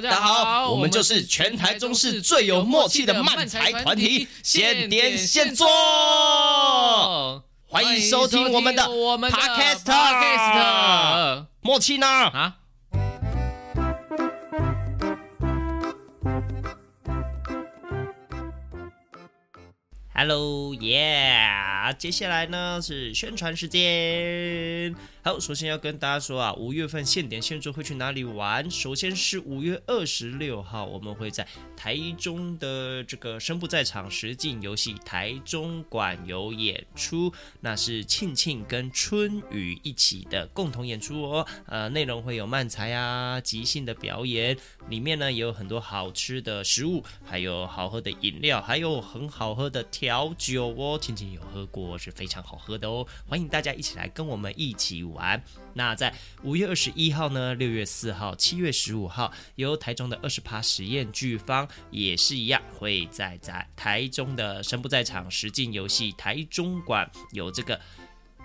大家好，好，我們就是全台中市最有默契的漫才團體，現點現做，做，歡迎收聽我們的我們的，我們的 Podcast，默契呢？啊？Hello，Yeah，接下來呢是宣傳時間。好，首先要跟大家說啊，五月份現點現做會去哪裡玩？首先是五月二十六號，我們會在台中的這個身不在場實境遊戲台中館有演出，那是慶慶跟春雨一起的共同演出哦。呃，內容會有漫才啊、即興的表演，裡面呢也有很多好吃的食物，還有好喝的飲料，還有很好喝的調酒哦。慶慶有喝過，是非常好喝的哦。歡迎大家一起來跟我們一起玩。玩，那在五月二十一號呢，六月四號，七月十五號，由台中的二十趴實驗劇方也是一樣，會在在台中的神不在場實境遊戲台中館有這個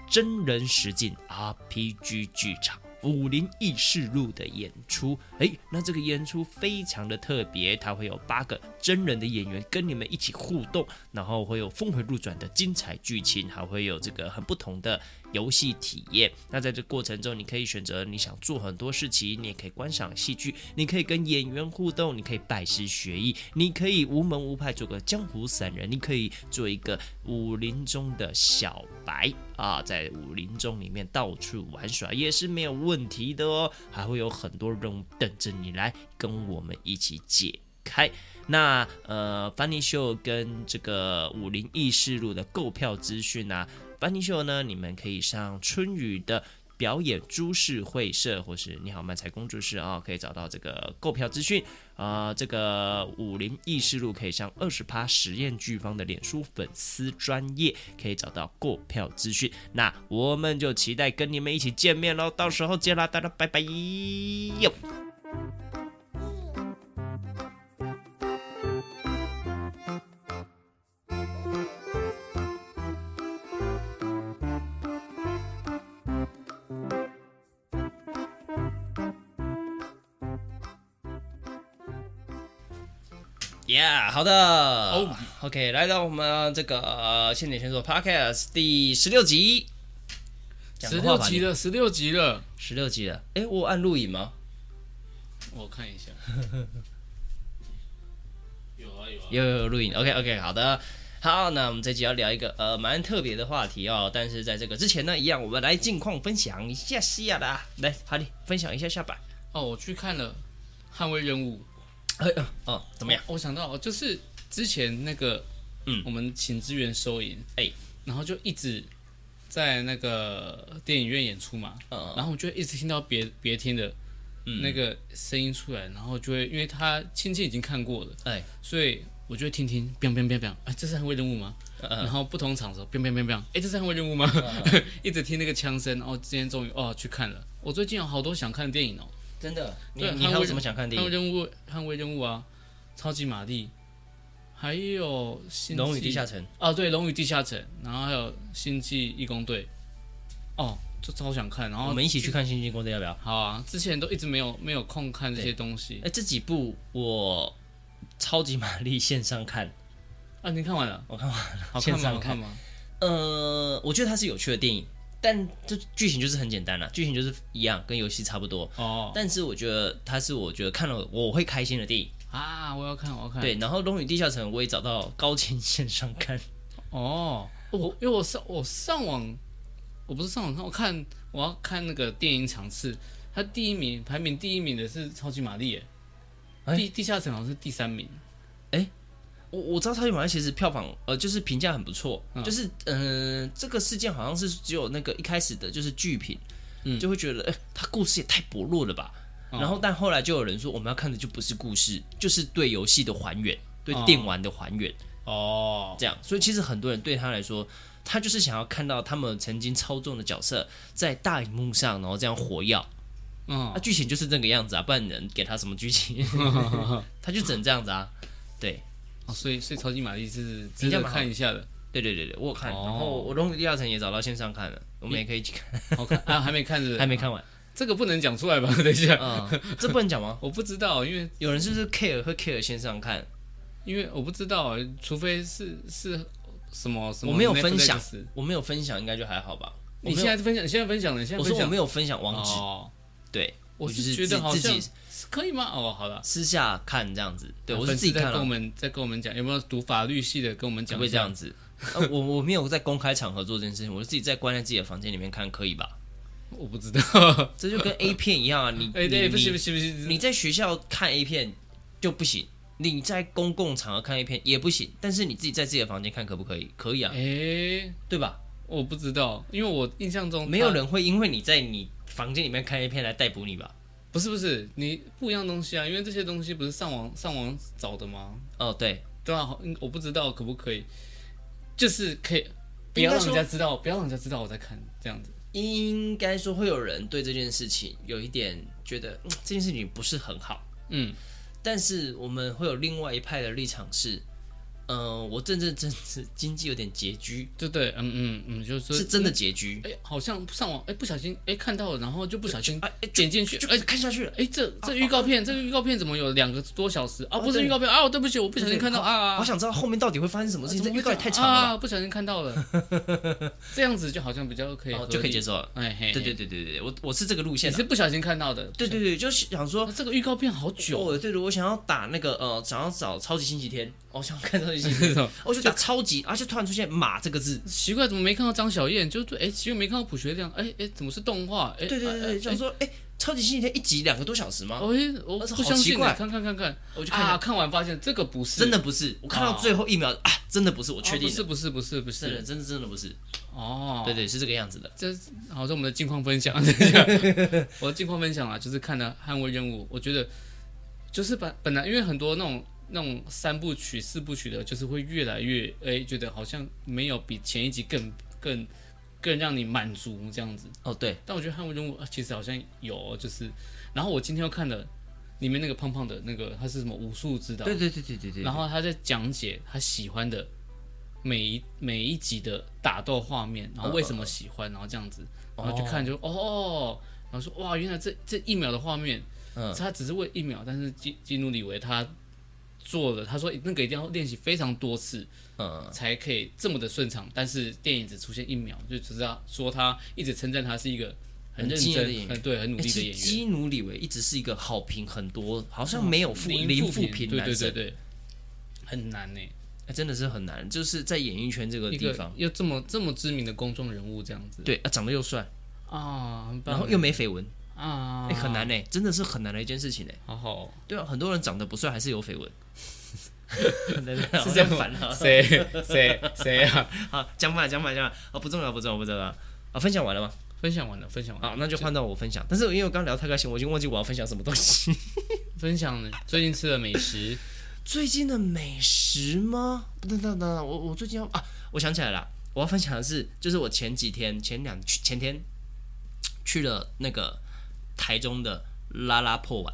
真人實景 RPG 劇場《武林異事錄》的演出。哎、欸，那這個演出非常的特別，它會有八個真人的演員跟你們一起互動，然後會有峰回路轉的精彩劇情，還會有這個很不同的。遊戲體驗，那在這過程中，你可以選擇你想做很多事情，你也可以觀賞戲劇，你可以跟演員互動，你可以拜師學藝，你可以無門無派做個江湖散人，你可以做一個武林中的小白啊，在武林中裡面到處玩耍也是沒有問題的哦，還會有很多任務等着你來跟我們一起解開。那呃，Funny Show 跟這個《武林異事錄》的購票資訊啊。班尼秀呢？你們可以上春雨的表演株式會社，或是你好漫才工作室啊、哦，可以找到這個購票資訊。啊、呃。這個武林義士路可以上二十趴實驗劇方的臉書粉絲專頁，可以找到購票資訊。那我們就期待跟你們一起見面嘍，到時候見啦，大家拜拜。Yeah, 好的、oh，OK，來到我們這個現點現做 Podcast 第十六集，十六集了，十六集了，十六集了。哎，我按錄影嗎？我看一下， 有啊有啊，有有，有錄影有、啊有啊。OK OK，好的，好，那我們這集要聊一個呃蠻特別的話題哦。但是在這個之前呢，一樣我們來近況分享一下下，西亞的，來哈利分享一下下吧。哦、oh，我去看了《捍衛任務》。哎，哦，怎麼樣？我想到就是之前那個，嗯，我們請支援收銀，哎、嗯欸，然後就一直在那個電影院演出嘛，嗯，然後我就一直聽到別別聽的，那個聲音出來，然後就會因為他親戚已經看過了，哎、嗯，所以我就會聽聽，變變變變，哎、欸，這是捍衛任務嗎？嗯，然後不同場所，變變變變，哎、欸，這是捍衛任務嗎？ 一直聽那個槍聲，然後今天終於哦去看了，我最近有好多想看的電影哦。真的，你你還有什麼想看的電影？捍衛任務，捍衛任務啊！超級瑪麗，還有星際《龍與地下城》啊，對，《龍與地下城》，然後還有《星際義工隊》。哦，就超想看，然後我們一起去看《星際義工隊》要不要？好啊，之前都一直沒有沒有空看這些東西。哎、欸，這幾部我超級瑪麗線上看啊，你看完了，我看完了，好線上看，看嗎、嗎？呃，我覺得它是有趣的電影。但這劇情就是很簡單了，劇情就是一樣，跟遊戲差不多。哦，但是我覺得它是我覺得看了我會開心的電影啊！我要看，我要看。對，然後《龍與地下城》我也找到高清線上看。哦，我因為我上我上網，我不是上網，我看我要看那個電影場次，它第一名排名第一名的是《超級瑪麗》欸，地地下城好像是第三名，哎、欸。我我知道超級瑪莉其實票房呃就是評價很不錯，就是嗯、就是呃、這個事件好像是只有那個一開始的就是劇評、嗯，就會覺得誒、欸，他故事也太薄弱了吧、嗯，然後但後來就有人說我們要看的就不是故事，就是對遊戲的還原，對電玩的還原哦這樣，所以其實很多人對他來說，他就是想要看到他們曾經操縱的角色在大熒幕上然後這樣活躍。嗯那劇、啊、情就是這個樣子啊，不然你能給他什麼劇情， 他就只能這樣子啊，對。哦，所以所以超級瑪麗是值得看一下的，對對對對，我有看，哦，然後我龍與地下城也找到線上看了，我們也可以一起看。好看啊，還沒看是是還沒看完，啊、這個不能講出來吧？等一下，嗯、這不能講嗎？ 我不知道，因為有人是不是 care 和 care 線上看，嗯，因為我不知道，除非是是什麼什麼我、Netflix，我沒有分享，分享，我沒有分享，應該就還好吧？你現在分享，你現在分享的，現在我說我沒有分享網址，哦，對，我是覺得好是自己。可以嗎？哦，好的，私下看這樣子。對、啊、我是自己看了在跟我們在跟我們講，有沒有讀法律系的？跟我們講會這樣子。 啊、我我沒有在公開場合做這件事情，我就自己在關在自己的房間裡面看，可以吧？我不知道， 這就跟 A 片一樣啊！你你你、欸、對、不行不行不行、你在學校看 A 片就不行，你在公共場合看 A 片也不行，但是你自己在自己的房間看可不可以？可以啊，哎、欸，對吧？我不知道，因為我印象中沒有人會因為你在你房間裡面看 A 片來逮捕你吧？不是不是，你不一樣東西啊，因為這些東西不是上網上網找的嗎？哦，對，對啊。我不知道可不可以，就是可以，不要讓人家知道，不要讓人家知道我在看這樣子。應該說會有人對這件事情有一點覺得，嗯，這件事情不是很好，嗯。但是我們會有另外一派的立場是。呃，我真正真正正是經濟有點拮據，對對，嗯嗯嗯，就是是真的拮據。哎、欸，好像上網，哎、欸，不小心，哎、欸，看到，了，然後就不小心，哎，點進去，就哎、欸欸、看下去了，哎、欸欸欸，這、啊、這預告片、啊啊，這個預告片怎麼有兩個多小時啊,啊？不是預告片啊,啊，對不起，我不小心看到啊，我想知道後面到底會發生什麼事情、啊麼這。這預告也太長了、啊，不小心看到了， 這樣子就好像比較可以、哦，就可以接受了。哎嘿,嘿，對對對對對,對,對,對,對，我我是這個路線，是不小心看到的，對,對對對，就想說、啊、這個預告片好久。哦，對對，我想要打那個呃，想要找超級星期天。我、哦、想看到一些那種，我、哦、就打超級，而且、啊、突然出現“馬”這個字，奇怪，怎麼沒看到張小燕？就是，哎、欸，奇怪，沒看到卜學亮。哎、欸、哎、欸，怎麼是動畫？哎、欸，對對對，啊、想說，哎、欸欸，超級星期天一集兩個多小時嗎？哎、哦欸，我不相信，看看看看，我就看啊看完發現這個不是，真的不是。我看到最後一秒啊，啊，真的不是，我確定是，不是，不是，不是，真的真的不是。哦，對，對對，是這個樣子的。這是好像我們的近況分享， 我的近況分享啊，就是看了《捍衛任務》，我覺得就是本本來因為很多那種。那種三部曲、四部曲的，就是會越來越哎、欸，覺得好像沒有比前一集更更更讓你滿足這樣子。哦、oh,，對。但我覺得《捍衛任務》其實好像有，就是。然後我今天要看的裡面那個胖胖的那個，他是什麼武術指導？對，對對對對對對。然後他在講解他喜歡的每一每一集的打鬥畫面，然後為什麼喜歡，uh, uh, uh. 然後這樣子，然後去看就、oh. 哦，然後說哇，原來這這一秒的畫面，嗯，他只是為一秒，但是基，基努里維他。做的，他說那個一定要練習非常多次、嗯，才可以這麼的順暢。但是電影只出現一秒，就只知道說他一直稱讚他是一個很認真很敬業的演員，對，很努力的演員。欸、基努·里維一直是一個好評很多，好像沒有負、啊、零負評，對對對對，很難呢、欸欸，真的是很難，就是在演藝圈這個地方，又這麼這麼知名的公眾人物這樣子，對啊，長得又帥啊，然後又沒緋聞。啊、oh. 欸，很難呢、欸，真的是很難的一件事情呢、欸。好好，對啊，很多人長得不帥還是有緋聞， 是這樣煩了，誰誰誰啊？好，講吧，講吧，講吧。啊，不重要，不重要，不重要。啊，分享完了嗎？分享完了，分享完。好，那就換到我分享。但是因為我剛剛聊太開心，我已經忘記我要分享什麼東西。 分享最近吃的美食。 最近的美食嗎？不，等等等等，我我最近要啊，我想起來了，我要分享的是，就是我前幾天前兩前天去了那個。台中的 LaLaport，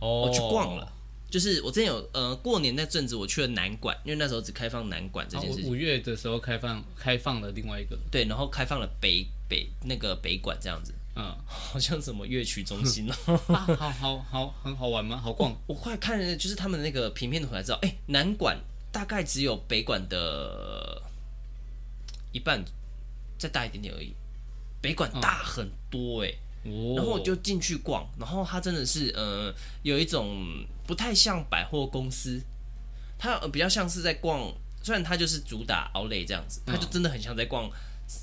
哦，我去逛了。就是我之前有呃過年那陣子，我去了南館，因為那時候只開放南館。這件事、oh, 五月的時候開放，開放了另外一個。對，然後開放了北北那個北館這樣子。嗯、uh,，好像什麼樂曲中心哦 然後、 啊。好好好，很好，好，好玩嗎？好逛？我，我快看就是他們那個平面圖才知道，哎、欸，南館大概只有北館的一半，再大一點點而已。北館大很多哎、欸。Uh, 然後我就進去逛，然後它真的是，呃，有一種不太像百貨公司，它比較像是在逛。雖然它就是主打 Outlet 這樣子，它就真的很像在逛。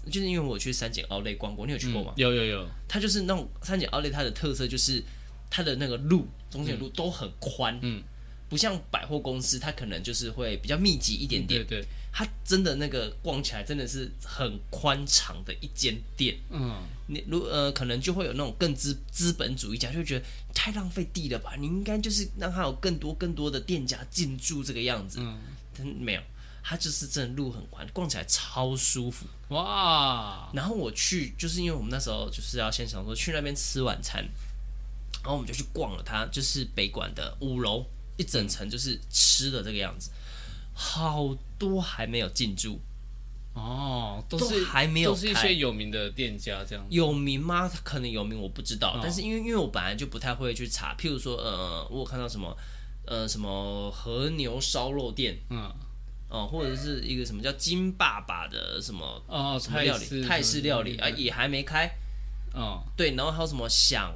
嗯、就是因為我去三井 Outlet 逛過，你有去過嗎、嗯？有有有。它就是那種三井 Outlet 它的特色就是它的那個路，中間的路都很寬、嗯，不像百貨公司，它可能就是會比較密集一點點。嗯、對對。它真的那個逛起來真的是很寬敞的一間店，嗯。你如呃，可能就會有那種更資資本主義家，就會覺得太浪費地了吧？你應該就是讓他有更多更多的店家進駐這個樣子。嗯，但沒有，他就是真的路很寬，逛起來超舒服哇。然後我去，就是因為我們那時候就是要先想說去那邊吃晚餐，然後我們就去逛了他，它就是北館的五樓一整層就是吃的這個樣子、嗯，好多還沒有進駐。哦都是，都還沒有，都是一些有名的店家這樣子。有名嗎？可能有名，我不知道。哦、但是因為因為我本來就不太會去查，譬如說呃，我有看到什麼呃什麼和牛燒肉店，嗯、哦、呃、或者是一個什麼叫金爸爸的什麼啊、哦、泰料理，泰式料理啊也、呃、也還沒開，哦、嗯、對，然後還有什麼想、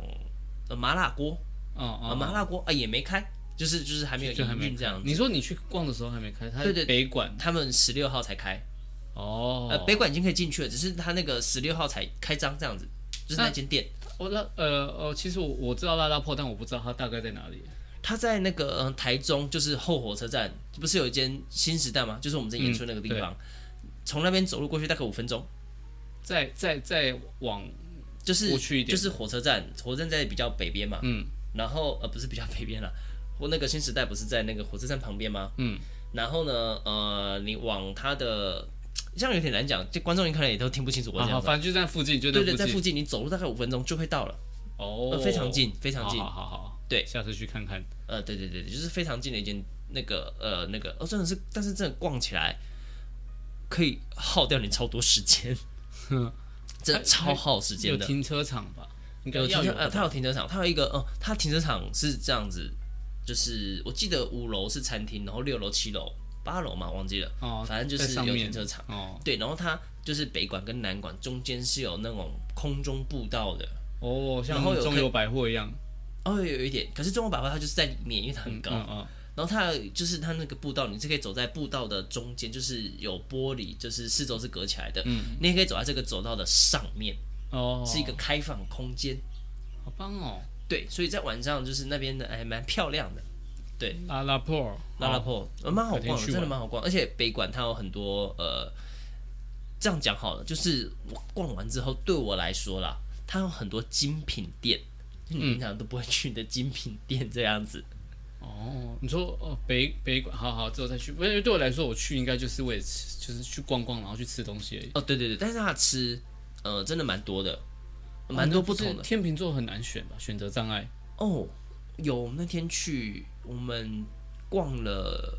呃、麻辣鍋，哦、嗯嗯啊、麻辣鍋啊、呃、也沒開，就是就是還沒有就就還沒這樣。你說你去逛的時候還沒開，他對對北館他們十六號才開。哦、oh, 呃，北館已經可以進去了，只是他那個十六號才開張這樣子，就是那間店。啊、我那呃哦，其實我我知道辣辣坡，但我不知道他大概在哪裡。他在那個、呃、台中，就是後火車站，不是有一間新時代嗎？就是我們在演出那個地方，從、嗯、那邊走路過去大概五分鐘。再再再往，就是過去一點點，就是火車站，火車站在比較北邊嘛。嗯。然後呃不是比較北邊啦，我那個新時代不是在那個火車站旁邊嗎？嗯。然後呢呃你往他的。這樣有點難講，就觀眾一看也都聽不清楚我。啊，反正就在附近，就在附近對對，在附近，你走路大概五分鐘就會到了。哦、oh, 呃，非常近，非常近。好好好，對，下次去看看。呃，對對對，就是非常近的一間那個呃那個哦，真的是，但是真的逛起來可以耗掉你超多時間，真的超耗時間的。有停車場吧？應該有停呃，它有停車場，它有一個哦、呃，它停車場是這樣子，就是我記得五樓是餐廳，然後六樓七樓。八樓嘛，忘記了，哦、反正就是有停車場。哦，對，然後它就是北館跟南館中間是有那種空中步道的。哦，像中友百貨一樣。哦有有，有一點，可是中友百貨它就是在裡面，因為它很高。嗯嗯嗯嗯、然後它就是它那個步道，你是可以走在步道的中間，就是有玻璃，就是四周是隔起來的。嗯。你也可以走在這個走道的上面。哦。是一個開放空間。好棒哦。對，所以在晚上就是那邊的哎，蠻漂亮的。對，拉拉破，拉拉破，蠻好逛，真的蠻好逛。而且北館它有很多呃，這樣講好了，就是逛完之後對我來說啦，它有很多精品店，嗯、你平常都不會去的精品店這樣子。哦，你說、哦、北北館，好好之後再去。我對我來說，我去應該就是為了吃，就是去逛逛，然後去吃東西而已。哦，對對對，但是它吃，呃，真的蠻多的，蠻多不同的。哦、天秤座很難選的，選擇障礙。哦，有那天去。我們逛了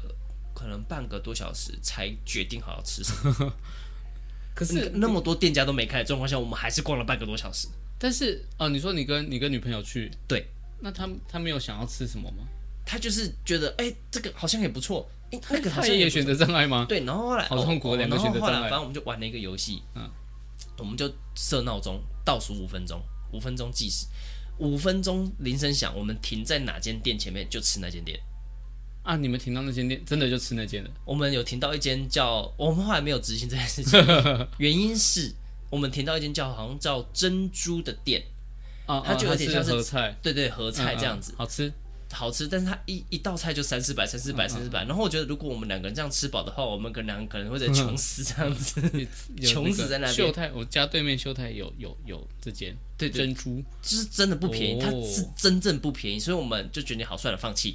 可能半個多小時，才決定好要吃什麼。 可是那麼多店家都沒開的狀況下，我們還是逛了半個多小時。但是哦，你說你跟你跟女朋友去，對，那她他，他沒有想要吃什麼嗎？她就是覺得哎，這個好像也不錯，哎，那個好像……她也選擇障礙嗎？對，然後後來好痛苦，哦，然後後來反正我們就玩了一個遊戲，嗯、啊，我們就設鬧鐘倒數五分鐘，五分鐘計時。五分鐘鈴聲響，我們停在哪間店前面就吃那間店啊！你們停到那間店，真的就吃那間了。我們有停到一間叫，我們後來沒有執行這件事情， 原因是我們停到一間叫好像叫珍珠的店啊，它就有點像是、啊、合菜對對合菜這樣子，嗯嗯、好吃。好吃，但是它一一道菜就三四百，三四百，嗯啊、三四百。然後我覺得，如果我們兩個人這樣吃飽的話，我們可能可能會窮死這樣子，嗯、窮死在那裡、那個、秀泰，我家對面秀泰有有有，有這間，對，對珍珠對，就是真的不便宜、哦，它是真正不便宜，所以我們就決定好算了，放棄。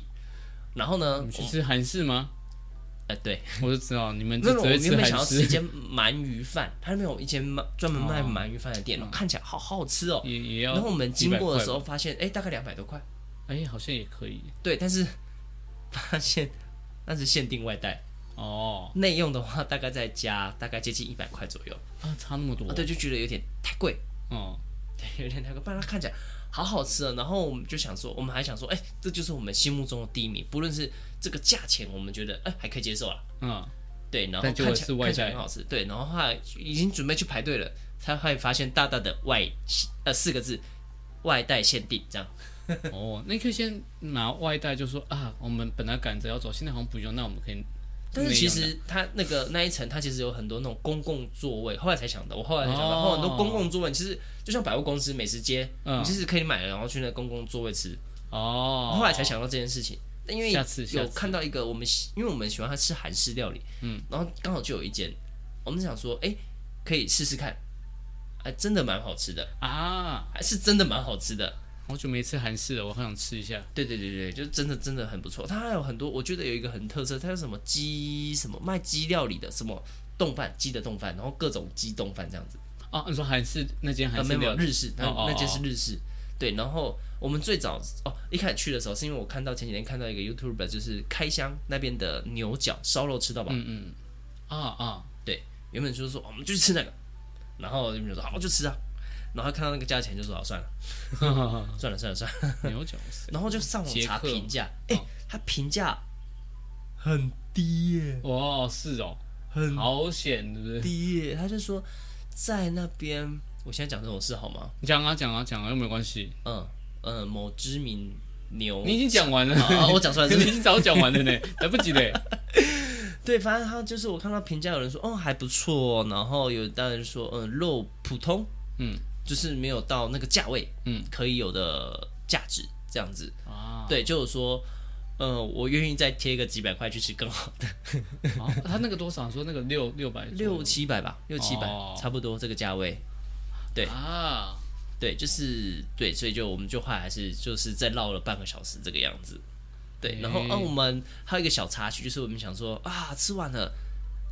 然後呢？你去吃韓式嗎？哎、哦呃，對， 我就知道你們那種、 嗯，我原本想要吃一間鰻魚飯，它那邊有一間專門賣鰻魚飯的店，看起來好好吃哦。也也要。然後我們經過的時候發現，哎，大概兩百多塊。哎、欸，好像也可以。對，但是發現那是限定外帶哦。內、oh. 用的話，大概再加大概接近一百塊左右。啊，差那麼多。哦、對，就覺得有點太貴。哦、oh.，對，有點太貴。不然它看起來好好吃啊。然後我們就想說，我們還想說，哎、欸，這就是我們心目中的第一名。不論是這個價錢，我們覺得哎、欸、還可以接受啊。嗯、oh.，對。然後看起來、oh. 看起來很好吃。對，然後話已經準備去排隊了，才發現大大的外呃四個字外帶限定這樣。哦、 oh,，那可以先拿外帶，就說啊，我們本來趕着要走，現在好像不用，那我們可以。但是其實他那個那一層，他其實有很多那種公共座位。後來才想到，我後來才想到，很、oh. 多公共座位，其實就像百貨公司、美食街，uh. 你其實可以買了，然後去那公共座位吃。哦、oh.。後，後來才想到這件事情，oh. 但因為有看到一個，我們喜，因為我們喜歡他吃韓式料理，嗯，然後剛好就有一間，我們想說，哎、欸，可以試試看，還真的蠻好吃的啊，ah. 還是真的蠻好吃的。好久沒吃韓式了，我很想吃一下。對對對對，就真的真的很不錯。它還有很多，我覺得有一個很特色，它是什麼雞？什麼賣雞料理的？什麼凍飯？雞的凍飯，然後各種雞凍飯這樣子。啊，你說韓式那間韓、啊？沒有沒有，日式哦哦哦那那間是日式。對，然後我們最早哦一開始去的時候，是因為我看到前幾天看到一個 YouTuber 就是開箱那邊的牛角燒肉吃到飽？嗯嗯。啊、哦、啊、哦，對，原本就是說、哦、我們就去吃那個，然後你們就說好就吃啊。然後看到那個價錢，就說：“好算了，嗯、 算了，算了，算了。 ”然後就上網查評價，哎、欸嗯，他評價很低耶、欸！哦，是哦，很，很、欸，好險，對不對？低耶、啊！他就說在那邊，我現在講這種事好嗎？講啊，講啊，講啊，又沒關係。嗯嗯，某知名牛，你已經講完了、啊 啊、我講出來是是，你已經早講完了呢，來不及嘞。 對，反正他就是我看到評價，有人說：“哦，還不錯、哦。”然後有大人說：“嗯，肉普通。”嗯。就是沒有到那個價位，嗯，可以有的價值這樣子啊、嗯，對，就是說，嗯、呃，我願意再貼個幾百塊去吃更好的。他、 啊、那個多少？說那個六六百六七百吧，六七百、哦、差不多這個價位，對啊，對，就是對，所以就我們就後來還是就是再繞了半個小時這個樣子，對，欸、然後啊，我們還有一個小插曲，就是我們想說啊，吃完了，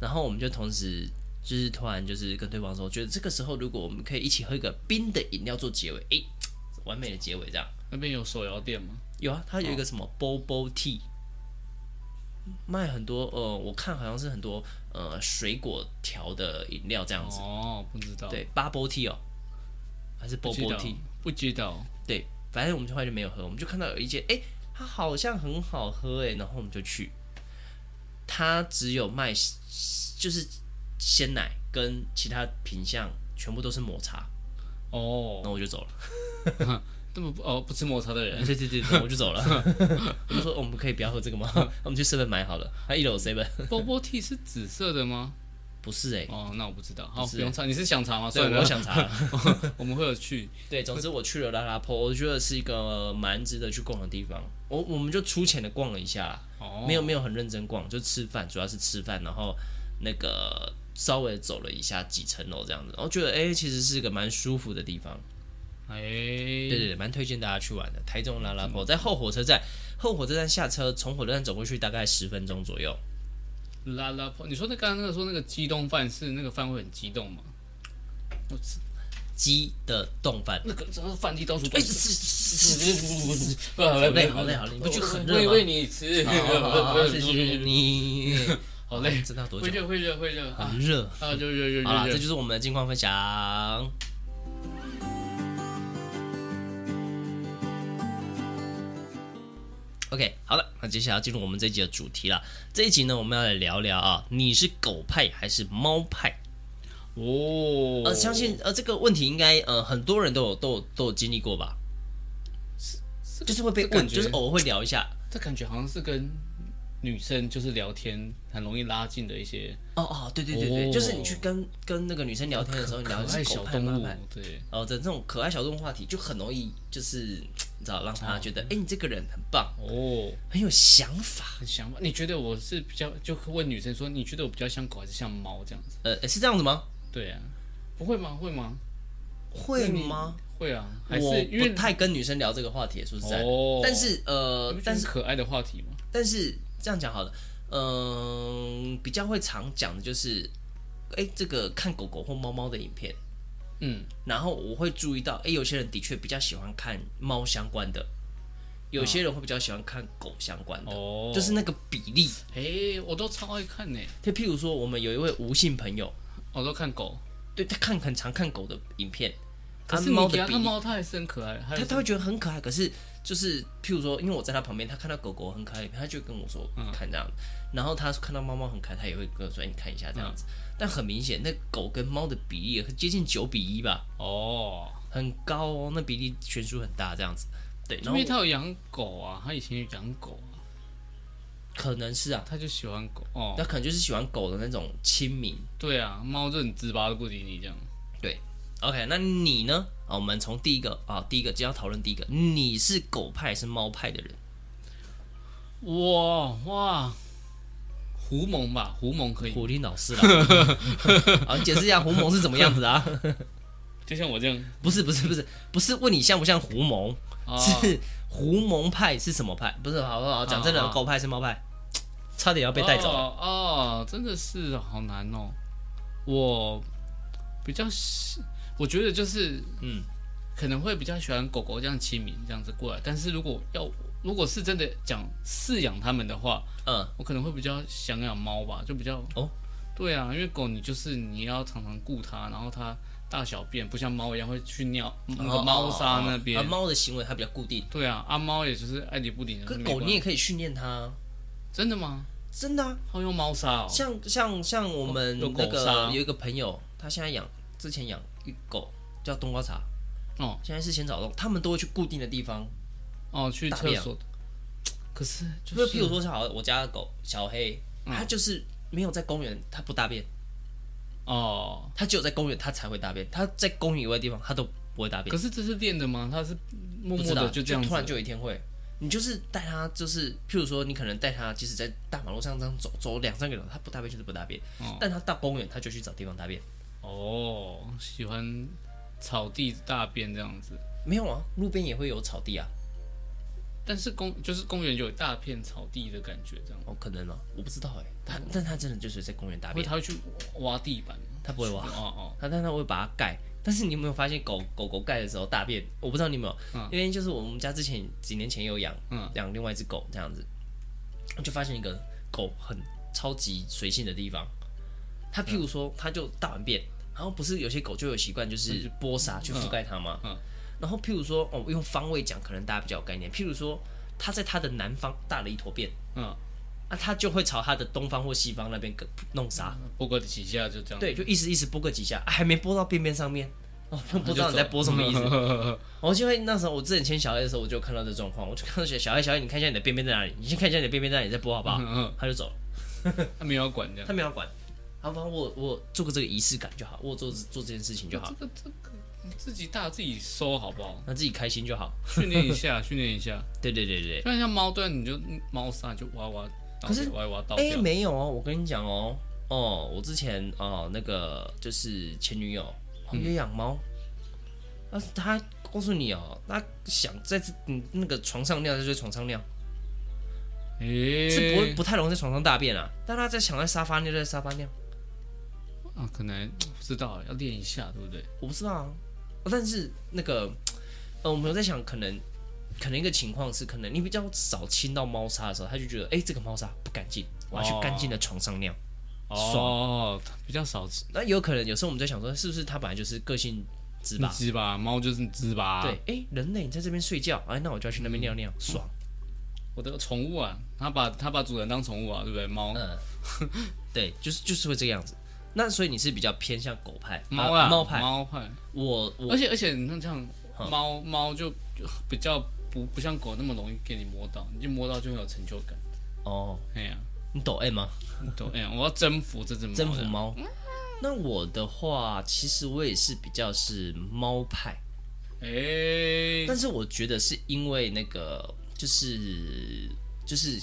然後我們就同時。就是突然，就是跟對方說，我覺得這個時候，如果我們可以一起喝一個冰的飲料做結尾，哎、欸，完美的結尾這樣。那邊有手搖店嗎？有啊，它有一個什麼波波。Oh. tea，賣很多呃，我看好像是很多呃水果調的飲料這樣子哦，oh, 不知道對波波 tea 哦，還是波波 tea，不知道，不知道對，反正我們這塊就沒有喝，我們就看到有一間，哎、欸，它好像很好喝哎，然後我們就去，它只有賣就是。鮮奶跟其他品相全部都是抹茶哦，那、oh. 我就走了。那 麼哦，不吃抹茶的人，對對對，我就走了。 我就說、哦、我們可以不要喝這個嗎？我 們 去 seven 買好了。它 一樓有 seven 波波 tea 是紫色的嗎？不是哎、欸。哦、oh,，那我不知道。好，不,、欸、不用茶你是想茶嗎？所以我想茶 我們會有去。對，總之我去了拉拉坡，我覺得是一個蠻值得去逛的地方。我我們就粗淺的逛了一下，沒有沒有很認真逛，就吃飯，主要是吃飯，然後那個。稍微走了一下幾層樓、喔、這樣子，我、哦、覺得哎、欸，其實是個蠻舒服的地方。哎、欸，對對，蠻推薦大家去玩的。台中拉拉堡、嗯、在後火車站，後火車站下車，從火車站走過去大概十分鐘左右。拉拉堡，你說那剛剛那個說那個激動飯是那個飯會很激動嗎？不，雞的動飯。那個飯店到處是是是是是，不不不，我累好累好累，不就很熱嗎？你吃，哦哦 好嘞，真的、 啊、多久、啊？會熱會熱會熱啊！熱啊！就熱熱熱。好了，這就是我們的近況分享熱熱熱。OK，好了，那接下來進入我們這一集的主題了。這一集呢，我們要來聊聊啊，你是狗派還是貓派？哦、呃，相信呃這個問題應該呃很多人都有都有都有經歷過吧？就是會被問，就是偶爾會聊一下。這感覺好像是跟。女生就是聊天很容易拉近的一些哦哦、oh, oh, 對對對對，oh, 就是你去跟跟那個女生聊天的時候，你聊一些可愛小動物，對，然後這這種可愛小動物話題就很容易，就是你知道，讓她覺得哎、oh. 欸、你這個人很棒哦，oh. 很有想法，很想法。你覺得我是比較就問女生說，你覺得我比較像狗還是像貓這樣子？呃，是這樣子嗎？對啊，不會嗎？會嗎？會嗎？會啊，還是因為太跟女生聊這個話題，說實在，oh. 但是呃，但是可愛的話題嘛，但是。這樣講好了，嗯、呃，比較會常講的就是，哎、欸，這個看狗狗或貓貓的影片，嗯，然後我會注意到，哎、欸，有些人的確比較喜歡看貓相關的，有些人會比較喜歡看狗相關的，哦、就是那個比例，哎、欸，我都超愛看呢、欸。就譬如說，我們有一位吳姓朋友，我都看狗，對，他看很常看狗的影片，可是貓的比例，他貓他還是很可愛，他、啊、他，他會覺得很可愛，可是。就是，譬如說，因為我在他旁邊，他看到狗狗很可愛，他就跟我說看這樣。然後他看到貓貓很可愛，他也會跟我說你看一下這樣子。但很明顯，那狗跟貓的比例接近九比一吧？哦，很高哦，那比例懸殊很大這樣子。對，因為他有養狗啊，他以前養狗啊，可能是啊，他就喜歡狗哦，他可能就是喜歡狗的那種親民。對啊，貓就很直巴的，顧及你這樣。對。OK，那你呢？我們從第一個啊、喔，第一個就要討論第一個，你是狗派是貓派的人？哇哇，狐獴吧，狐獴可以，胡林老師啊，你 解釋一下狐獴是怎麼樣子的啊？就像我這樣，不是不是不是不是，不是問你像不像狐獴，哦、是狐獴派是什麼派？不是，好、哦、不好？講真的，狗派是貓派，差點要被帶走了哦，哦真的是好難哦，我比較我覺得就是，嗯，可能會比較喜歡狗狗這樣親民這樣子過來，但是如果要，如果是真的講飼養它們的話，嗯，我可能會比較想養貓吧，就比較哦，對啊，因為狗你就是你要常常顧它然後它大小便不像貓一樣會去尿那個貓砂那邊，貓、哦哦哦哦啊、的行為它比較固定，對啊，阿、啊、貓也就是愛理不理的。可是狗你也可以訓練它真的嗎？真的啊，好用貓砂、喔，像像像我們那個、哦、有一個朋友，他現在養之前養。一狗叫冬瓜茶，哦，現在是仙草凍他們都會去固定的地方，哦，去大便。可是就是、是，譬如說像我家的狗小黑，它、嗯、就是沒有在公園，它不大便。哦，它只有在公園，它才會大便。它在公園以外的地方，它都不會大便。可是這是練的嗎？它是默默的就這樣，突然就有一天會。你就是帶它，就是譬如說，你可能帶它，即使在大馬路上這樣走走兩三個人，它不大便就是不大便、哦。但它到公園，它就去找地方大便。哦，喜歡草地大便這樣子？沒有啊，路邊也會有草地啊。但是公就是公園，就有大片草地的感覺這樣。哦，可能哦、啊，我不知道哎。但他真的就是在公園大便。會，他會去挖地板？他不會挖。哦哦。他、哦，但他會把它蓋。但是你有沒有發現狗，狗狗狗蓋的時候大便？我不知道你有沒有。嗯、因為就是我們家之前幾年前有養、嗯、養另外一只狗這樣子，就發現一個狗很超級隨性的地方。他譬如說，嗯、他就大便。然後不是有些狗就有習慣，就是撥沙去覆蓋它嘛。然後譬如說，我、哦、用方位講，可能大家比較有概念。譬如說，它在它的南方大了一坨便，嗯，啊，它就會朝它的東方或西方那邊弄沙，撥、嗯、個幾下就這樣。對，就意思意思，撥個幾下，啊、還沒撥到便便上面，哦，不知道你在撥什麼意思。呵呵呵呵，我記得那時候我之前牽小愛的時候，我就看到這狀況，我就看到小愛，小愛，你看一下你的便便在哪裡？你先看一下你的便便在哪裡再撥好不好呵呵？他就走了。呵呵，他沒有要管這樣，他沒有管。好,好，吧我我做個這個儀式感就好，我做做這件事情就好。這個這個你自己大自己收好不好？讓自己開心就好。訓練一下，訓 練一下。對對對對然像貓，像貓，對你就貓砂就挖挖，可是挖挖倒掉。哎、欸，沒有哦，我跟你講哦，哦，我之前哦，那個就是前女友，也養貓，但是她告訴你哦，她想在嗯、這個、那個床上尿就在床上尿，誒、欸、是不不太容易在床上大便啊，但她在想在沙發尿就在沙發尿。啊，可能不知道，要練一下，對不對？我不知道啊，但是那個，呃，我們有在想，可能，可能一個情況是，可能你比較少親到貓砂的時候，他就覺得，哎、欸，這個貓砂不乾淨，我要去乾淨的床上尿。哦，哦比較少，那有可能有時候我們在想說，是不是它本來就是個性直吧？直吧，貓就是直吧、啊。對，哎、欸，人類你在這邊睡覺，哎、啊，那我就要去那邊尿尿、嗯，爽。我的寵物啊，它把它把主人當寵物啊，對不對？貓，呃、 對，就是就是會這個樣子。那所以你是比較偏向狗派，貓啊，貓、啊、派，貓派我。我，而且而且，你看這樣，貓貓就，就比較不不像狗那麼容易給你摸到，你一摸到就會有成就感。哦，哎呀、啊，你懂愛嗎？懂愛，我要征服這隻貓。征服貓。那我的話，其實我也是比較是貓派。哎、欸，但是我覺得是因為那個就是就是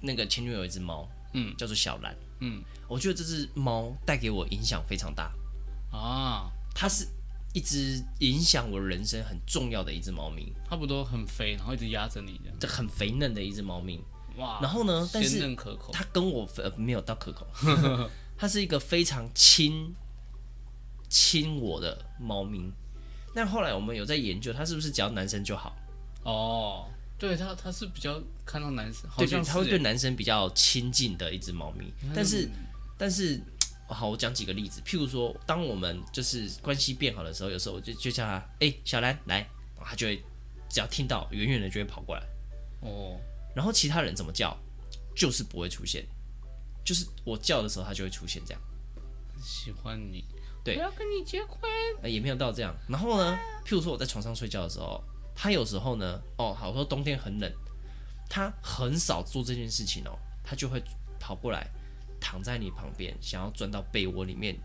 那個前女友有一隻貓，嗯，叫做小蘭，嗯。我覺得這隻貓帶給我影響非常大，啊，它是一隻影響我人生很重要的一隻貓咪。差不多很肥，然後一直壓着你這樣，嗯、這很肥嫩的一隻貓咪。哇！然後呢？鮮嫩可口。但是它跟我、呃、沒有到可口，它 是一個非常親親我的貓咪。那後來我們有在研究，它是不是只要男生就好？哦，對，它它是比較看到男生，好像，對，它會對男生比較親近的一隻貓咪、嗯，但是。但是，好，我講幾個例子。譬如說，當我們就是關係變好的時候，有時候我就就叫他，哎、欸，小蘭來，他就會只要聽到遠遠的就會跑過來。哦，然後其他人怎麼叫，就是不會出現，就是我叫的時候他就會出現這樣。喜歡你，對，我要跟你結婚，也沒有到這樣。然後呢，譬如說我在床上睡覺的時候，他有時候呢，哦，好，我說冬天很冷，他很少做這件事情哦，他就會跑過來。躺在你旁邊，想要鑽到被窩裡面，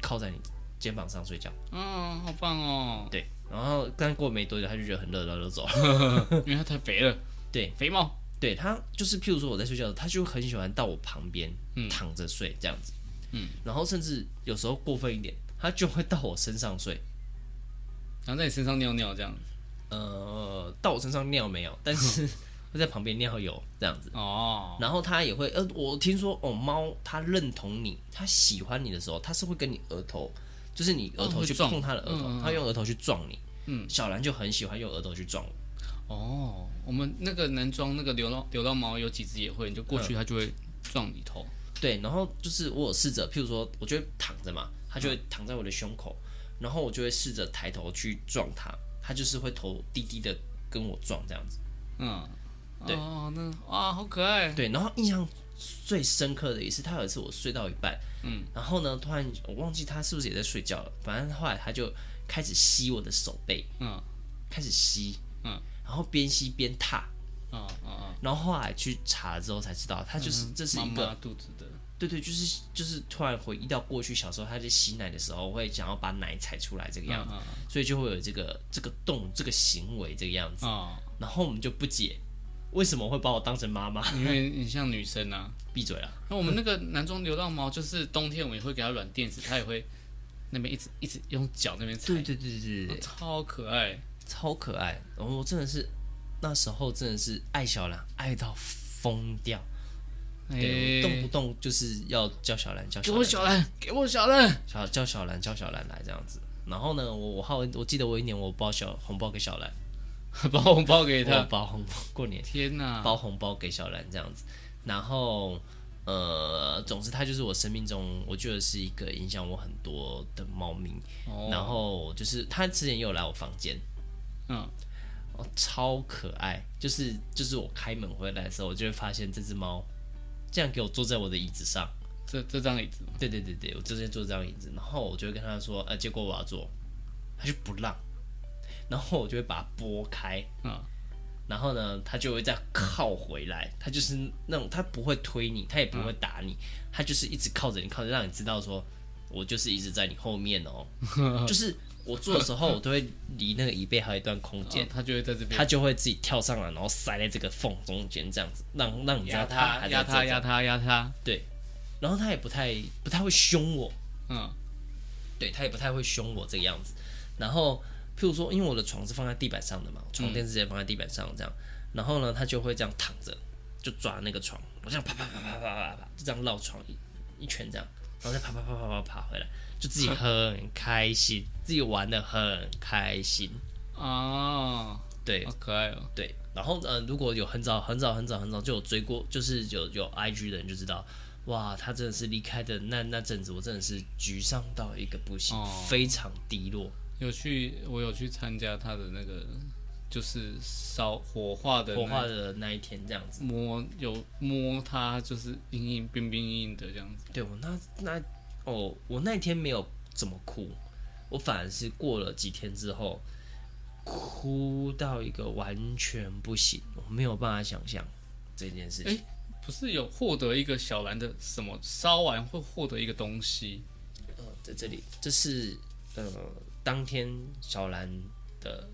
靠在你肩膀上睡覺。嗯、哦，好棒哦。對，然後剛過沒多久，他就覺得很熱，然後就走了， 因為他太肥了。對，肥貓。對他就是，譬如說我在睡覺，他就很喜歡到我旁邊躺着睡這樣子。嗯。然後甚至有時候過分一點，他就會到我身上睡，躺、啊、在你身上尿尿這樣子。呃，到我身上尿沒有，但是。 會在旁邊尿尿這樣子哦、oh.，然後它也會呃，我聽說哦，貓它認同你，它喜歡你的時候，它是會跟你額頭，就是你額頭去碰它的額頭，oh, 它用額頭去撞你。嗯，小蘭就很喜歡用額頭去撞我。哦、oh,，我們那個男裝那個流浪流浪貓有幾只也會，你就過去它就會撞你頭。Uh, 對，然後就是我試着，譬如說，我就會躺着嘛，它就會躺在我的胸口，嗯、然後我就會試着抬頭去撞它，它就是會頭低低的跟我撞這樣子。嗯、uh.。對哦，那哇，好可愛。對，然後印象最深刻的也是他有一次，我睡到一半、嗯，然後呢，突然我忘記他是不是也在睡覺了，反正後來他就開始吸我的手背，嗯、開始吸、嗯，然後邊吸邊踏，嗯嗯、然後後來去查之後才知道，他就是、嗯、這是一個媽媽肚子的對對，就是就是突然回憶到過去小時候，他在吸奶的時候會想要把奶踩出來這個樣子、嗯嗯嗯，所以就會有這個這個動這個行為這個樣子、嗯，然後我們就不解。為什麼會把我當成媽媽？因為你像女生啊！閉嘴啊！那我們那個男裝流浪貓，就是冬天我也會給它軟墊子，它也會那邊一直一直用腳那邊踩。對對對對對，超可愛，超可愛！我真的是那時候真的是愛小蘭愛到瘋掉，動不動就是要叫小蘭叫。給我小蘭，給我小蘭，叫小蘭叫小蘭來這樣子。然後呢，我我好我記得我一年我包小紅包給小蘭。 包紅包給他，包紅包過年。天吶，包紅包給小蘭這樣子。然後，呃，總之，他就是我生命中我覺得是一個影響我很多的貓咪。然後就是，他之前有來我房間，嗯，超可愛。就是就是，我開門回來的時候，我就會發現這隻貓這樣給我坐在我的椅子上。這這張椅子？對對對對，我之前坐這張椅子。然後我就會跟他說：“呃，結果我要坐，他就不讓。”然後我就會把它撥開，啊、嗯，然後呢，它就會再靠回來。它就是那種，它不會推你，它也不會打你，嗯，它就是一直靠着你，靠着你讓你知道說，我就是一直在你後面哦。呵呵就是我坐的時候呵呵，我都會離那個椅背還有一段空間，哦，它就會在這邊，它就會自己跳上來，然後塞在這個縫中間，這樣子，讓讓你它壓它，壓它，壓它，壓它，對。然後它也不太不太會凶我，嗯，對，它也不太會凶我這個樣子。然後。譬如說，因為我的床是放在地板上的嘛，床墊直接放在地板上，這樣、嗯，然後呢，他就會這樣躺着，就抓那個床，我這樣啪啪啪啪啪啪啪，就這樣繞床一，一圈這樣，然後再啪啪啪啪啪啪回來，就自己很開心， 自己玩得很開心。啊 ，對，好可愛哦。對，然後、呃、如果有很早很早很早很早就有追過，就是有有 IG 的人就知道，哇，他真的是離開的那那陣子，我真的是沮喪到一個不行，oh. 非常低落。有去，我有去參加他的那個，就是燒火化的火化的那一天，這樣子摸有摸他，就是硬硬冰冰硬硬的這樣子。對，我那那哦，我那天沒有怎麼哭，我反而是過了幾天之後，哭到一個完全不行，我沒有辦法想象這件事情。欸，不是有獲得一個小藍的什麼燒完會獲得一個東西？呃，在這裡，這是呃。當天小蘭的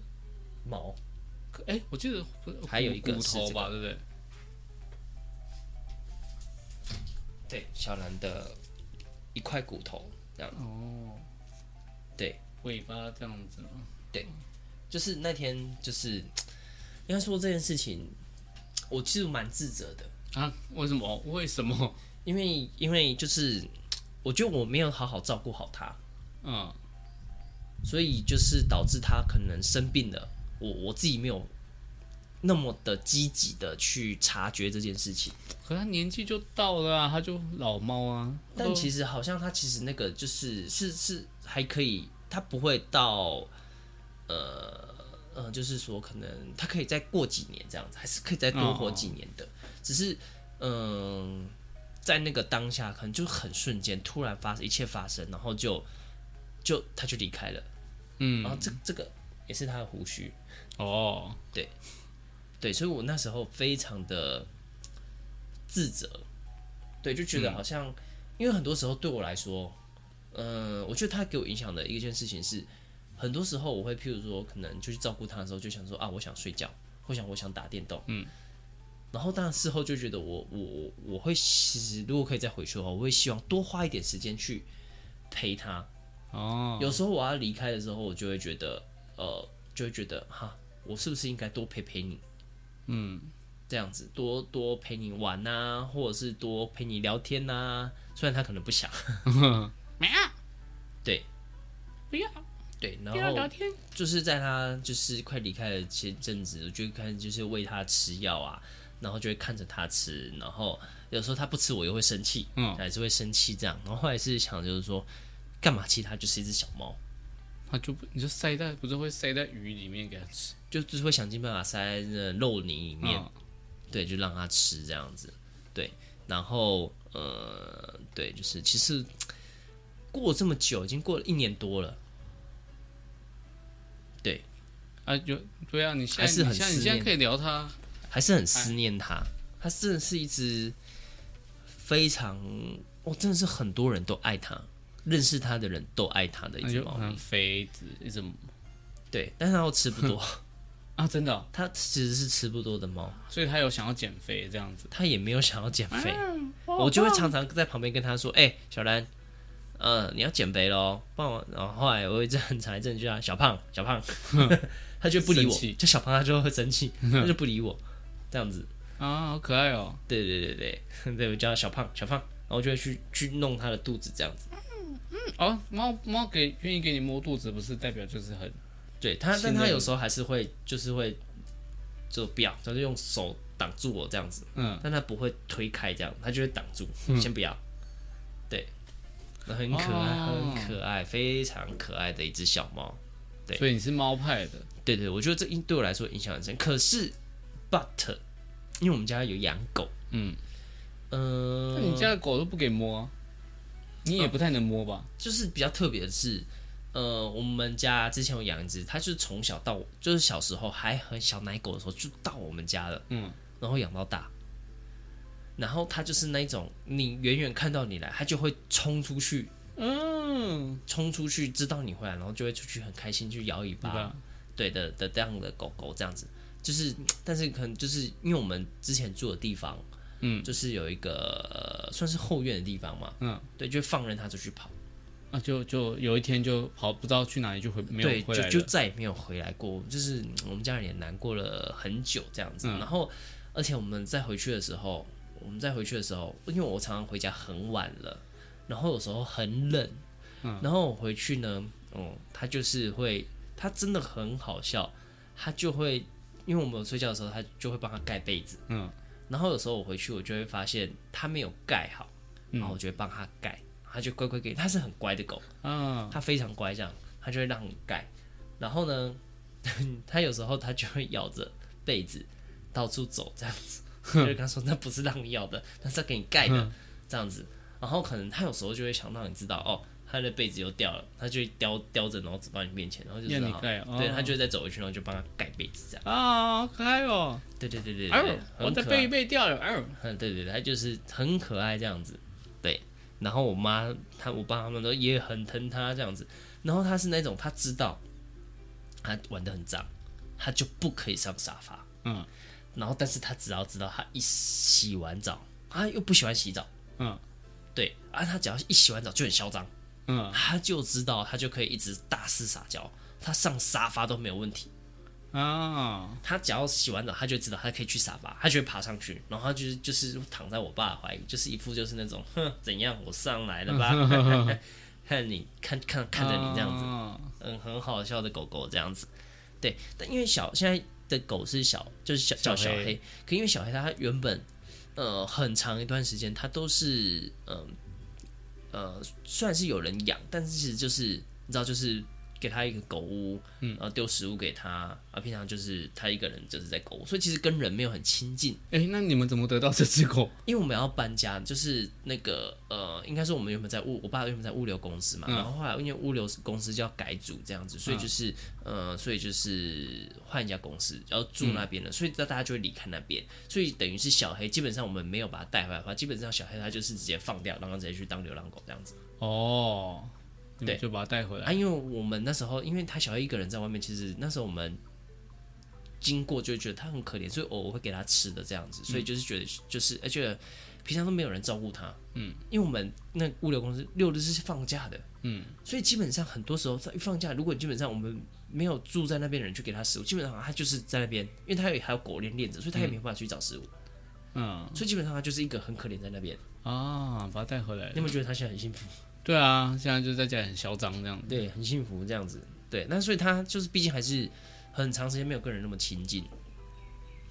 毛，哎，我記得還有一個骨頭吧，對不對？對，小蘭的一塊骨頭這樣。哦，對，尾巴這樣子。對，就是那天就是應該說這件事情，我其實蠻自責的啊。為什麼？為什麼？因為因為就是我覺得我沒有好好照顧好它。嗯。所以就是導致他可能生病了，我我自己沒有那麼的積極的去察覺這件事情。可他年紀就到了啊，他就老貓啊。但其實好像他其實那個就是是是還可以，他不會到呃呃，就是說可能他可以再過幾年這樣子，還是可以再多活幾年的。哦、只是嗯、呃，在那個當下，可能就很瞬間突然發生，一切發生，然後就。就他就離開了，嗯，然後這這個也是他的鬍鬚，哦，對對，所以我那時候非常的自責，對，就覺得好像、嗯、因為很多時候對我來說，嗯、呃，我覺得他給我影響的一件事情是，很多時候我會譬如說，可能就去照顧他的時候，就想說啊，我想睡覺，或想我想打電動，嗯，然後但事後就覺得我我我我會其實如果可以再回去的話，我會希望多花一點時間去陪他。哦、oh.，有時候我要離開的時候，我就會覺得，呃，就會覺得哈，我是不是應該多陪陪你？嗯，這樣子多多陪你玩吶、啊，或者是多陪你聊天吶、啊。雖然他可能不想，沒 有，對，不要，對，然後聊天，就是在他就是快離開的前陣子，我就開始就是餵他吃藥啊，然後就會看着他吃，然後有時候他不吃，我又會生氣，嗯，還是會生氣這樣。然後後來是想就是說。幹嘛其？其實它就是一隻小貓，它就不，你就塞在，不是會塞在魚裡面給它吃，就只，就是會想盡辦法塞在肉泥裡面，哦、對，就讓它吃這樣子，對，然後呃，對，就是其實過了這麼久，已經過了一年多了，對，啊，就對啊，你現在還是很思念，你現在可以聊它，還是很思念它，它、哎，真的是一隻非常，我真的是很多人都愛它。認識他的人都愛他的一只貓咪、哎、肥子一隻，對，但是它又吃不多呵呵啊，真的，哦，它其實是吃不多的貓，所以它有想要減肥這樣子，它也沒有想要減肥，啊，我就會常常在旁邊跟他說，哎，欸，小蘭，嗯，呃，你要減肥咯，幫我，然後後來我一直很常一直叫小胖小胖，小胖呵呵他就不理我，就小胖他就會生氣，他就不理我，這樣子啊，好可愛哦，對對對對，對我叫小胖小胖，然後我就會去去弄他的肚子這樣子。嗯哦，貓貓給願意給你摸肚子，不是代表就是很，對它，但它有時候還是會就是會，就不要，它就用手擋住我這樣子，嗯，但它不會推開這樣，它就會擋住、嗯，先不要，對，很可愛，哦、很可愛，非常可愛的一隻小貓，對，所以你是貓派的？對，對對，我覺得這對我來說影響很深，可是，but，因為我們家有養狗，嗯，呃，那你家的狗都不給摸、啊？你也不太能摸吧？嗯，就是比較特別的是，呃，我們家之前有養一隻，它就是從小到就是小時候還很小奶狗的時候就到我們家了，嗯，然後養到大，然後它就是那種，你遠遠看到你來，它就會衝出去，嗯，衝出去知道你回來，然後就會出去很開心去搖尾巴，對，對的的，這樣的狗狗這樣子，就是但是可能就是因為我們之前住的地方，嗯，就是有一個算是後院的地方嘛。嗯，對，就放任它出去跑，啊，就就有一天就跑不知道去哪裡就回沒有，對，回來就就再也沒有回來過。就是我們家人也難過了很久這樣子。嗯，然後，而且我們在回去的時候，我們在回去的時候，因為我常常回家很晚了，然後有時候很冷，嗯，然後我回去呢，嗯，他就是會，他真的很好笑，他就會，因為我們睡覺的時候，他就會幫他蓋被子，嗯。然後有時候我回去，我就會發現它沒有蓋好，嗯、然後我就會幫它蓋，它就乖乖給，它是很乖的狗，嗯、哦，它非常乖，這樣它就會讓你蓋。然後呢，它有時候它就會咬着被子到處走，這樣子，就是跟他說那不是讓你咬的，那是要給你蓋的，這樣子。然後可能它有時候就會想讓你知道哦。他的被子又掉了，他就會叼叼着，然後走到你面前，然後就是了 yeah,、oh. 對，他就再走回去，然後就幫他蓋被子這樣。啊，好可愛哦！對對對對對，我的被被掉了，oh. 嗯，對對對，他就是很可愛這樣子，對。然後我媽、他、我爸他們都也很疼他這樣子。然後他是那種他知道他玩的很髒，他就不可以上沙發。嗯。然後，但是他只要知道他一洗完澡，啊，他又不喜歡洗澡，嗯，對，啊，他只要一洗完澡就很囂張。嗯，他就知道，他就可以一直大肆撒嬌，他上沙發都沒有問題啊、哦。他只要洗完澡，他就知道他可以去沙發，他就會爬上去，然後他就是就是躺在我爸懷裡，就是一副就是那種哼，怎樣我上來了吧？呵呵呵呵呵你看你看看看着你這樣子、哦，嗯，很好笑的狗狗這樣子。對，但因為小現在的狗是小，就是小，小叫小黑，可因為小黑它原本呃很長一段時間它都是嗯。呃呃，雖然是有人養，但是其實就是，你知道，就是。給他一個狗屋，嗯，然後丟食物給他，嗯，啊，平常就是他一個人就是在狗屋，所以其實跟人沒有很親近。誒、欸。那你們怎麼得到這隻狗？因為我們要搬家，就是那個呃，應該是我們原本在物，我爸原本在物流公司嘛，嗯，然後後來因為物流公司就要改組這樣子，所以就是，嗯，呃，所以就是換一家公司，要住那邊了，嗯，所以大大家就會離開那邊，所以等於是小黑基本上我們沒有把它帶回來的話，反正基本上小黑它就是直接放掉，然後他直接去當流浪狗這樣子。哦。對，就把他帶回來啊！因為我們那時候，因為他小孩一個人在外面，其實那時候我們經過就會覺得他很可憐，所以偶爾會給他吃的這樣子。所以就是覺得，嗯、就是而且、欸、平常都沒有人照顧他，嗯。因為我們那物流公司六日是放假的，嗯，所以基本上很多時候一放假，如果基本上我們沒有住在那邊的人去給他食物，基本上他就是在那邊，因為他也還有狗鏈鏈子，所以他也沒辦法去找食物，嗯。嗯，所以基本上他就是一個很可憐在那邊啊。哦，把他帶回來。你有沒有覺得他現在很幸福？對啊，現在就在家很囂張這樣子，對，很幸福這樣子，對。那所以他就是，畢竟還是很長時間沒有跟人那麼親近。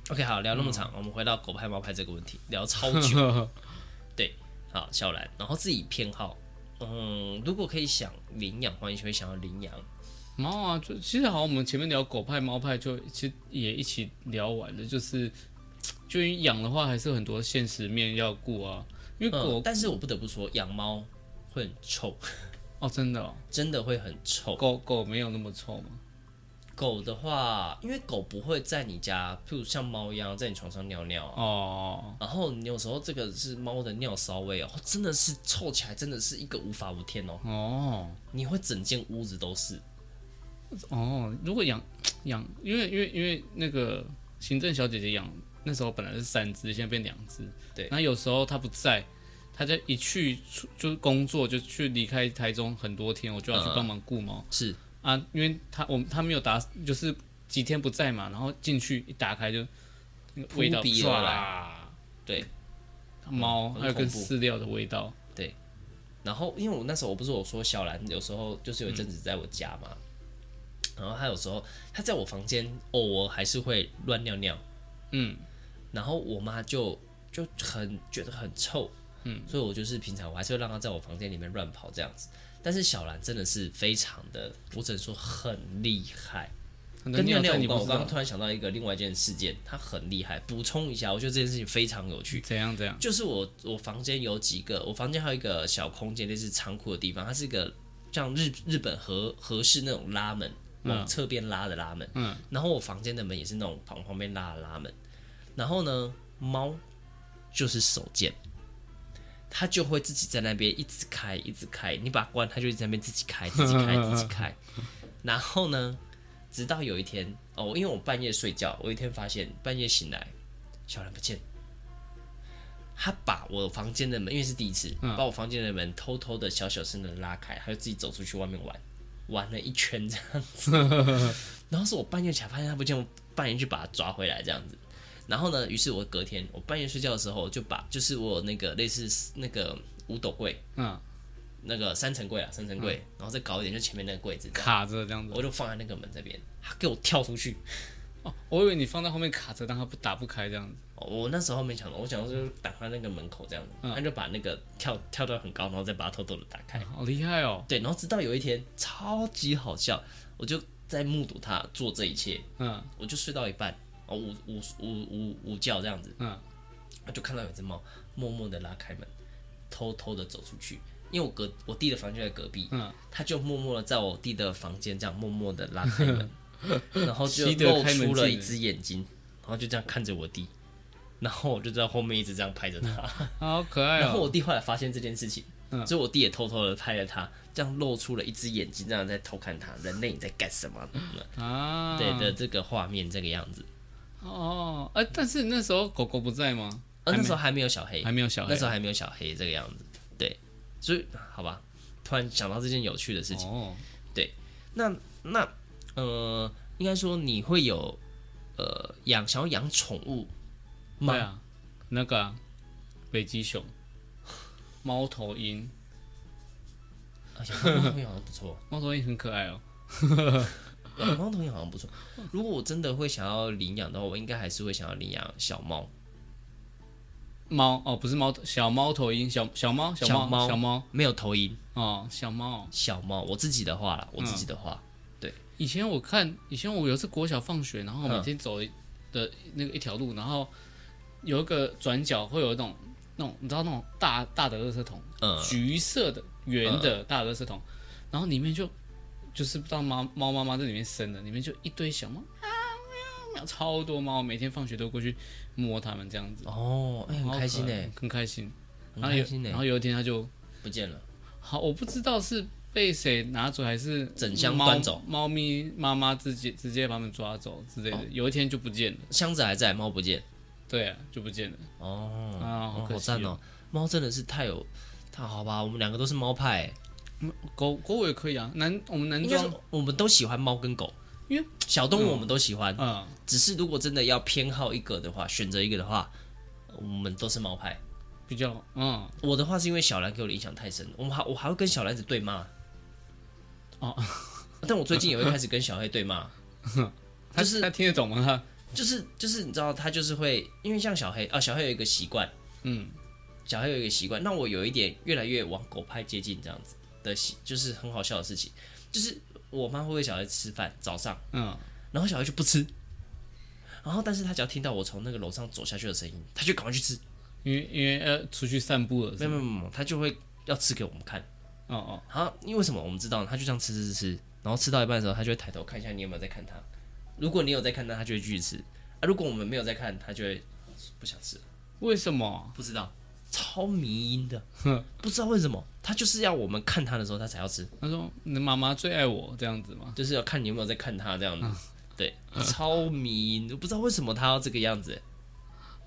OK，好，聊那麼長，嗯、我們回到狗派貓派這個問題，聊超久。呵呵對，好，小蘭，然後自己偏好，嗯，如果可以想領養歡迎你會想要領養貓啊？就其實好，我們前面聊狗派貓派就，就其實也一起聊完了，就是就養的話，還是很多現實面要顧啊。因為狗、嗯，但是我不得不說，養貓。會很臭哦，真的哦，真的會很臭。狗，狗狗沒有那麼臭嗎？狗的話，因為狗不會在你家，譬如像貓一樣在你床上尿尿。啊、哦。然後你有時候這個是貓的尿騷味哦，哦，真的是臭起來真的是一個無法無天哦。哦，你會整間屋子都是哦。如果養養，因為因為因為那個行政小姐姐養那時候本來是三隻，現在變兩隻。對，然後有時候牠不在。他就一去就工作，就去離開台中很多天，我就要去幫忙顧貓、嗯。是啊，因為他我他沒有打，就是幾天不在嘛，然後進去一打開就那個味道出來、啊，對，貓、嗯、還有個飼料的味道。嗯、對，然後因為我那時候我不是我說小蘭有時候就是有一陣子在我家嘛、嗯，然後他有時候他在我房間偶爾還是會亂尿尿，嗯，然後我媽就就很覺得很臭。嗯，所以我就是平常我還是會讓它在我房間裡面亂跑這樣子，但是小蘭真的是非常的，我只能說很厲害。很跟念念有關，我剛剛突然想到一個另外一件事件，它很厲害。補充一下，我覺得這件事情非常有趣。怎樣？怎樣？就是我我房間有幾個，我房間還有一個小空間，類似倉庫的地方，它是一個像日日本和和式那種拉門，往側邊拉的拉門。嗯。嗯然後我房間的門也是那種旁旁邊拉的拉門。然後呢，貓就是手賤。他就會自己在那邊一直開，一直開。你把他關，他就在那邊自己開，自己開，自己開。然後呢，直到有一天，哦，因為我半夜睡覺，我有一天發現半夜醒來，小人不見。他把我房間的門，因為是第一次，把我房間的門偷偷的、小小聲的拉開，他就自己走出去外面玩，玩了一圈這樣子。然後是我半夜起來發現他不見，我半夜就把他抓回來這樣子。然後呢，於是我隔天，我半夜睡覺的時候，就把就是我那個類似那個五斗櫃，嗯，那個三層櫃啊，三層櫃、嗯，然後再搞一點，就前面那個櫃子卡着這樣子，我就放在那個門這邊這，他給我跳出去。哦，我以為你放在後面卡着，但他不打不開這樣子。哦、我那時候沒想到，我想說就是擋在那個門口這樣子、嗯，他就把那個跳跳到很高，然後再把它偷偷的打開、嗯。好厲害哦！對，然後直到有一天，超級好笑，我就在目睹他做這一切。嗯，我就睡到一半。哦，嗚嗚嗚嗚嗚叫這樣子，嗯，就看到有隻貓默默的拉開門，偷偷的走出去。因為我隔我弟的房間在隔壁，嗯，它就默默的在我弟的房間這樣默默的拉開門，嗯、 然後就露出了一隻眼睛，然後就這樣看着我弟，然後我就在後面一直這樣拍着他，好可愛、喔。然後我弟後來發現這件事情，嗯、所以我弟也偷偷的拍着他，這樣露出了一隻眼睛，這樣在偷看他。人類你在幹什麼、啊？對的，這個畫面這個樣子。哦，哎，但是那時候狗狗不在嗎、哦？那時候還沒有小黑，還沒有小黑，那時候還沒有小黑這個樣子，對，所以好吧，突然想到這件有趣的事情，哦、對，那那呃，應該說你會有呃養想要養寵物，對啊，那個、啊、北極熊、貓頭鷹、 貓頭鷹不錯，貓頭鷹很可愛哦。 貓頭鷹好像不錯。如果我真的會想要領養的話，我應該還是會想要領養小貓。貓哦，不是貓頭，小貓頭鷹，小小貓，小貓，小貓，沒有頭鷹哦，小貓，小貓。我自己的話啦，我自己的話，嗯、對。以前我看，以前我有一次國小放學，然後每天走的那個一條路、嗯，然後有一個轉角會有那種那種，你知道那種大大的垃圾桶，嗯、橘色的圓的大垃圾桶、嗯，然後裡面就。就是不知道貓貓媽媽在裡面生的，裡面就一堆小貓，喵、啊、喵、啊啊，超多貓，每天放學都過去摸它們，這樣子哦、欸，很開心呢，很開心，很開心然後有，然後有一天它就不見了。好，我不知道是被誰拿走還是整箱搬走，貓咪媽媽自己直接把它們抓走之類的、哦，有一天就不見了。箱子還在，貓不見。對啊，就不見了。哦，好好讚哦，貓、哦、真的是太有，太好吧，我們兩個都是貓派。狗狗我也可以啊，男我們男裝我們都喜歡貓跟狗，因、yeah, 為小動物我們都喜歡。嗯、uh,，只是如果真的要偏好一個的話，選擇一個的話，我們都是貓派，比較嗯。Uh, 我的話是因為小蘭給我的印象太深，我還我還會跟小蘭子對罵。哦、uh,，但我最近也會開始跟小黑對罵、uh, 就是，他是他聽得懂嗎？就是就是你知道他就是會因為像小黑啊，小黑有一個習慣，嗯、um,，小黑有一個習慣，讓我有一點越來越往狗派接近這樣子。的喜，就是很好笑的事情，就是我媽會餵小孩吃飯，早上，嗯，然後小孩就不吃，然後但是他只要聽到我從那個樓上走下去的聲音，他就趕快去吃，因為因為要出去散步了，什麼什麼他就會要吃給我們看，哦哦，好，因為，為什麼我們知道，他就這樣吃吃吃，然後吃到一半的時候，他就會抬頭看一下你有沒有在看他，如果你有在看他，他就會繼續吃，啊，如果我們沒有在看，他就會不想吃了，為什麼？不知道。超迷因的，哼，不知道為什麼，他就是要我們看他的時候，他才要吃。他說：“你的媽媽最愛我，這樣子嘛，就是要看你有沒有在看他這樣子。嗯”對、嗯，超迷因的，不知道為什麼他要這個樣子，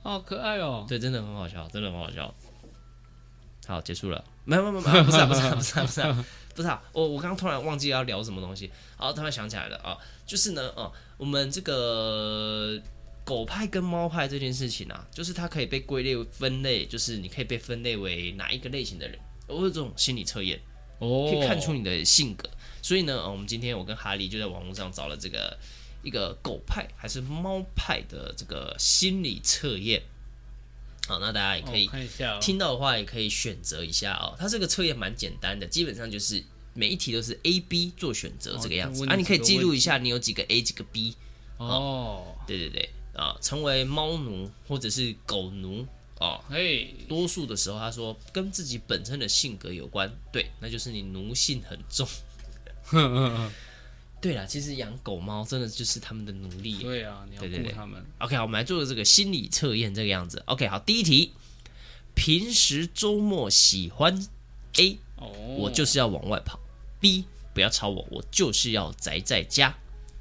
好可愛哦、喔。對，真的很好笑，真的很好笑。好，結束了。沒有，沒有，沒有，不是、啊，不是、啊，不是、啊 不是啊，不是、啊，不是、啊不是啊不是啊、 我我剛突然忘記要聊什麼東西，好，然後突然想起來了啊，就是呢，哦，我們這個。狗派跟貓派這件事情啊，就是它可以被歸類為分類，就是你可以被分類為哪一個類型的人，有這種心理測驗，哦，可以看出你的性格。Oh. 所以呢，我們今天我跟哈利就在網絡上找了這個一個狗派還是貓派的這個心理測驗。好，那大家也可以聽到的話，也可以選擇一下啊、哦。它這個測驗蠻簡單的，基本上就是每一題都是 A、B 做選擇、oh, 這個樣子個啊。你可以記錄一下你有幾個 A，幾個 B、oh.。哦，對對對。啊，成為貓奴或者是狗奴哦，多數的時候他說跟自己本身的性格有關，對，那就是你奴性很重。 對啦，其實養狗貓真的就是他們的奴隸，對啊，你要顧他們對對對。OK，好，我們來做個這個心理測驗，這個樣子。OK，好，第一題，平時周末喜歡 A，哦，我就是要往外跑；B，不要吵我，我就是要宅在家。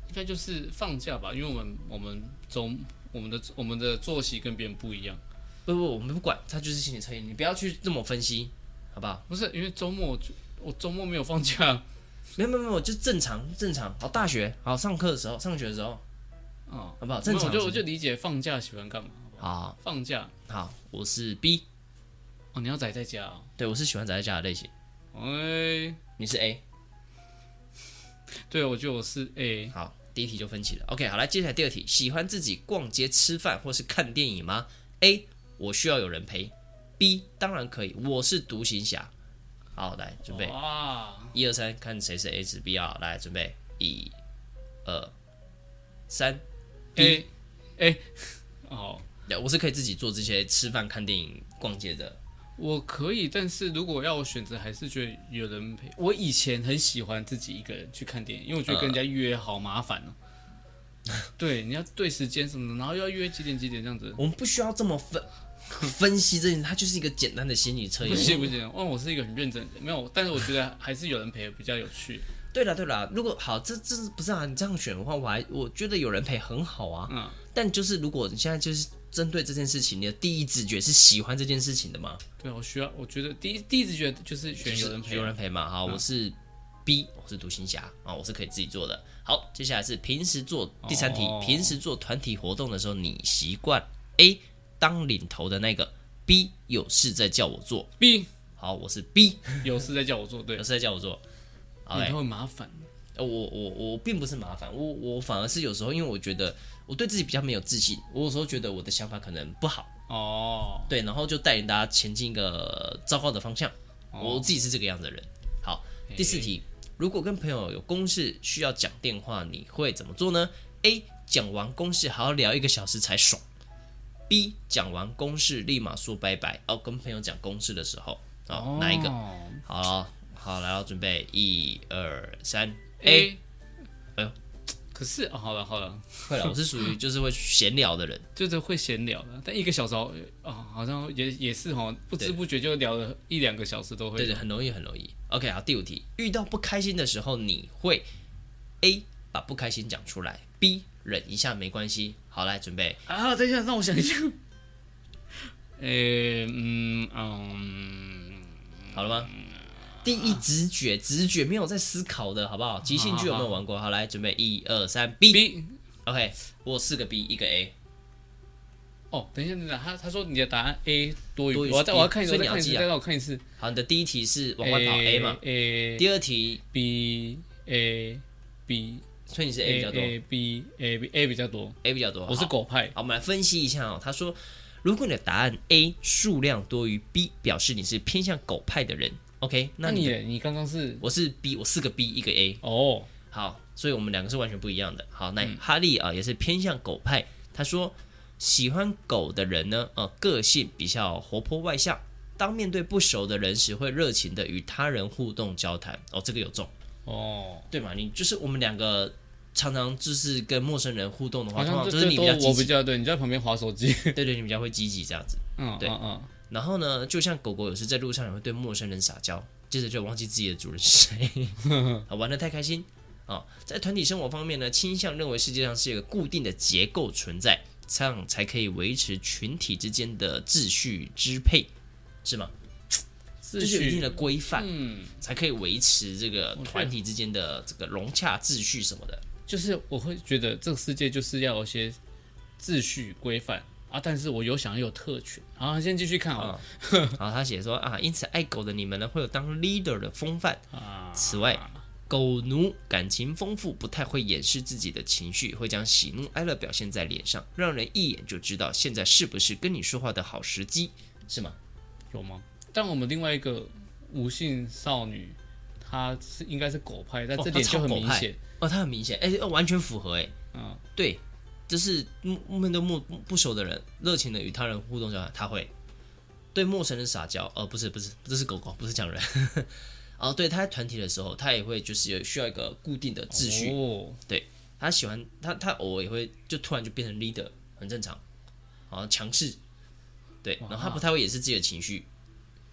應該就是放假吧，因為我們我們。中，我們的我們的作息跟別人不一樣，不不我們不管他，就是心理測驗，你不要去這麼分析，好不好？不是因為周末我，我周末沒有放假，沒有沒有沒有，就正常正常。好大學好上課的時候上學的時候，哦，好不好？正常就我，我就理解放假喜歡幹嘛？好，好，好，好放假好，我是 B，哦你要宅在家，哦，對，我是喜歡宅在家的類型。哎你是 A，對，我覺得我是 A 好。第一題就分歧了。OK，好來，來接下來第二題，喜歡自己逛街、吃飯或是看電影嗎？A，我需要有人陪。B，當然可以，我是獨行俠。好，來準備，一二三，看誰是 A，是 B 啊？來準備，一二三，A，哎，哦，我是可以自己做這些吃飯、看電影、逛街的。我可以，但是如果要我選擇，還是覺得有人陪。我以前很喜歡自己一個人去看電影，因為我覺得跟人家約好麻煩哦、啊。Uh, 對，你要對時間什麼的，然後要約幾點幾點這樣子。我們不需要這麼分 分析這件事，它就是一個簡單的心理測驗，你信 不信？哦、嗯，我是一個很認真的人，沒有，但是我覺得還是有人陪比較有趣。 對啦對啦，如果好，這這不是啊？你這樣選的話，我還我覺得有人陪很好啊。嗯、uh.。但就是如果你現在就是。針對這件事情，你的第一直覺是喜歡這件事情的嗎？對，我需要，我覺得第一第一直覺就是選有人陪，有人陪嘛、就是。好、啊，我是 B，我是獨行俠啊，我是可以自己做的。好，接下來是平時做第三題，哦、平時做團體活動的時候，你習慣 A 當領頭的那個，B 有事在叫我做 B。好，我是 B，有事在叫我做，對，有事在叫我做，哎，會麻煩。我我我並不是麻煩，我我反而是有時候，因為我覺得我對自己比較沒有自信，我有時候覺得我的想法可能不好哦，oh. 對，然後就帶領大家前進一個糟糕的方向。Oh. 我自己是這個樣的人。好，hey. 第四題，如果跟朋友有公事需要講電話，你會怎麼做呢？A. 講完公事好好聊一個小時才爽。B. 講完公事立馬說拜拜。哦，跟朋友講公事的時候，哦，oh. 哪一個？好好，來，準備，一、二、三。A，哎呦，可是好了、哦、好了，好了，會了，我是屬於就是會閒聊的人， 就是會閒聊的，但一個小時哦，好像也也是哈，不知不覺就聊了一兩個小時都會，對，對，很容易很容易。OK，啊，第五題，遇到不開心的時候，你會 A 把不開心講出來，B 忍一下沒關係。好，來準備啊，等一下，讓我想一下，哎、 欸，嗯、哦、嗯，好了嗎？第一直覺，直覺沒有在思考的，好不好？即興劇有沒有玩過？好，好，好，好，來準備 1, 2, 3,，一二三，B B，OK、okay, 我有四個 B，一個 A。哦，等一下，等一下，他他說你的答案 A 多於 B，我要我要看一次，所以你要記、啊、次，再讓我看一次。A, 好，你的第一題是王冠島 A 嘛？A, A。第二題 A, B A B，所以你是 A 比較多。A, A, B A B A 比較多，A 比較多。我是狗派好。好，我們來分析一下哦。他說，如果你的答案 A 數量多於 B，表示你是偏向狗派的人。OK，那你那你，你剛剛是我是 B，我四個 B 一個 A 哦，oh. 好，所以我們兩個是完全不一樣的。好，那哈利啊、嗯、也是偏向狗派，他說喜歡狗的人呢，呃，個性比較活潑外向，當面對不熟的人時會熱情的與他人互動交談。哦，這個有中哦，oh. 對嘛，你就是我們兩個常常就是跟陌生人互動的話，通常就是你比較積極，我比較對你在旁邊滑手機， 對對，你比較會積極這樣子，嗯、oh. 對。嗯、oh.。然後呢，就像狗狗有時在路上也會對陌生人撒嬌，接着就忘記自己的主人是誰， 玩得太開心啊、哦！在團體生活方面呢，傾向認為世界上是一個固定的結構存在，這樣才可以維持群體之間的秩序支配，是嗎？就是有一定的規範，嗯，才可以維持這個團體之間的這個融洽秩序什麼的。就是我會覺得這個世界就是要有一些秩序規範。啊！但是我有想要有特權。好、啊，先繼續看好了。然後、啊、 他寫說啊，因此愛狗的你們呢，會有當 leader 的風範。此外，啊、狗奴感情豐富，不太會掩飾自己的情緒，會將喜怒哀樂表現在臉上，讓人一眼就知道現在是不是跟你說話的好時機，是嗎？有嗎？但我們另外一個無性少女，她是應該是狗派，但這裡就很明顯哦，她、哦、很明顯，哎、哦，完全符合，哎，嗯，對。就是面對陌不熟的人，熱情的與他人互動的話，他會對陌生人撒嬌。呃，不是，不是，這是狗狗，不是講人。哦， 對，他在團體的時候，他也會就是有需要一個固定的秩序。哦。對他喜歡他他偶爾也會就突然就變成 leader，很正常。然後強勢。對。然後他不太會掩飾自己的情緒。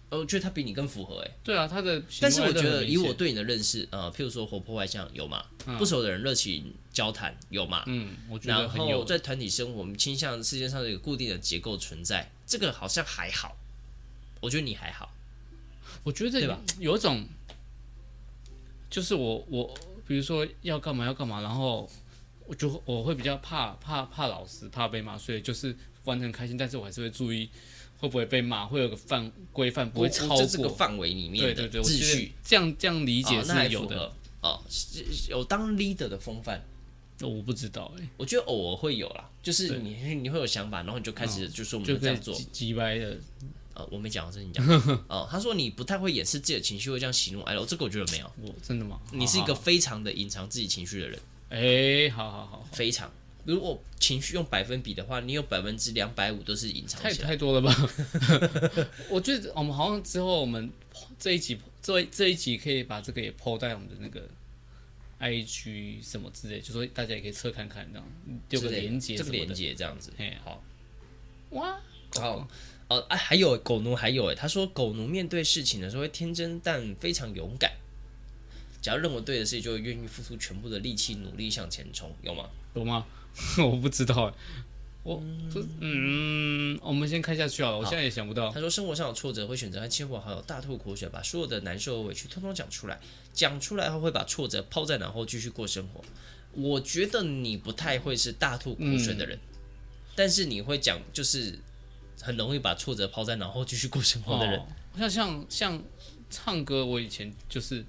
我覺得他比你更符合哎、欸。對啊，他的。但是我覺得以我對你的認識、嗯、呃，譬如說活潑外向有嘛、嗯、不熟的人熱情交談有嘛嗯，我覺得很有。然後在團體生活，我們傾向世界上有固定的結構存在，這個好像還好。我覺得你還好。我覺得對吧？這有一種就是我我，比如說要幹嘛要幹嘛，然後我就我會比較怕怕怕老師怕被罵，所以就是玩得很開心，但是我還是會注意。會不會被罵？會有個範規範，不會超過、哦哦、這個範圍裡面的秩序。對對對這樣這樣理解、哦、是有的哦。哦，有當 leader 的風範。那、哦、我不知道、欸、我覺得偶爾會有啦。就是你你會有想法，然後你就開始、嗯、就說我們就這樣做。嘰歪的、哦，我沒講，這是你講。 哦，他說你不太會掩飾自己的情緒，會這樣喜怒哀樂。這個我覺得沒有。我真的嗎？你是一個非常的隱藏自己情緒的人。哎、哦，欸、好，好好好，非常。如果情緒用百分比的話，你有百分之兩百五都是隱藏的，太太多了吧？ 我覺得我們好像之後我們這一集做這一集可以把這個也 PO 在我們的那個 I G 什麼之類，就說大家也可以測看看，這樣丟個鏈接，這個連接這樣子嘿，好。哇，好哦，哎、哦啊，還有狗奴，還有哎，他說狗奴面對事情的時候會天真但非常勇敢，假如認為對的事，就願意付出全部的力氣努力向前衝，有嗎？有嗎？ 我不知道，我嗯，我們先看下去好了。我現在也想不到。他說生活上有挫折，會選擇和親朋好友大吐苦水，把所有的難受和委屈通通講出來。講出來後，會把挫折拋在腦後，繼續過生活。我覺得你不太會是大吐苦水的人，但是你會講，就是很容易把挫折拋在腦後，繼續過生活的人，嗯。像，哦，像像唱歌，我以前就是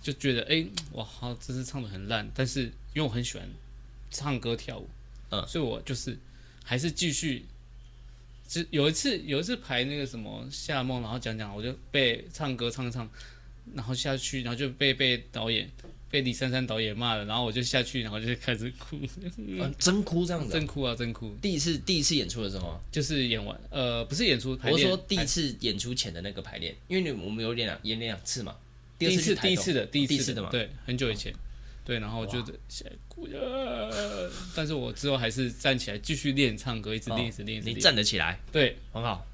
就覺得，誒，哇好，真是唱的很爛。但是因為我很喜歡。唱歌跳舞，嗯，所以我就是還是繼續，就有一次有一次排那個什麼夏夢，然後講講，我就被唱歌唱唱，然後下去，然後就被被導演被李珊珊導演罵了，然後我就下去，然後就開始哭、嗯，真哭這樣子、啊，真哭啊真哭！第一次第一次演出的時候，就是演完，呃，不是演出，我說第一次演出前的那個排練，因為你我們有演兩次嘛，第一次第一次的第一次的嘛、哦，對，很久以前。對，然後我就在哭，呃、啊，但是我之後還是站起來繼續練唱歌，一直練，一、哦、直練，練，練，你站得起來？對，很好。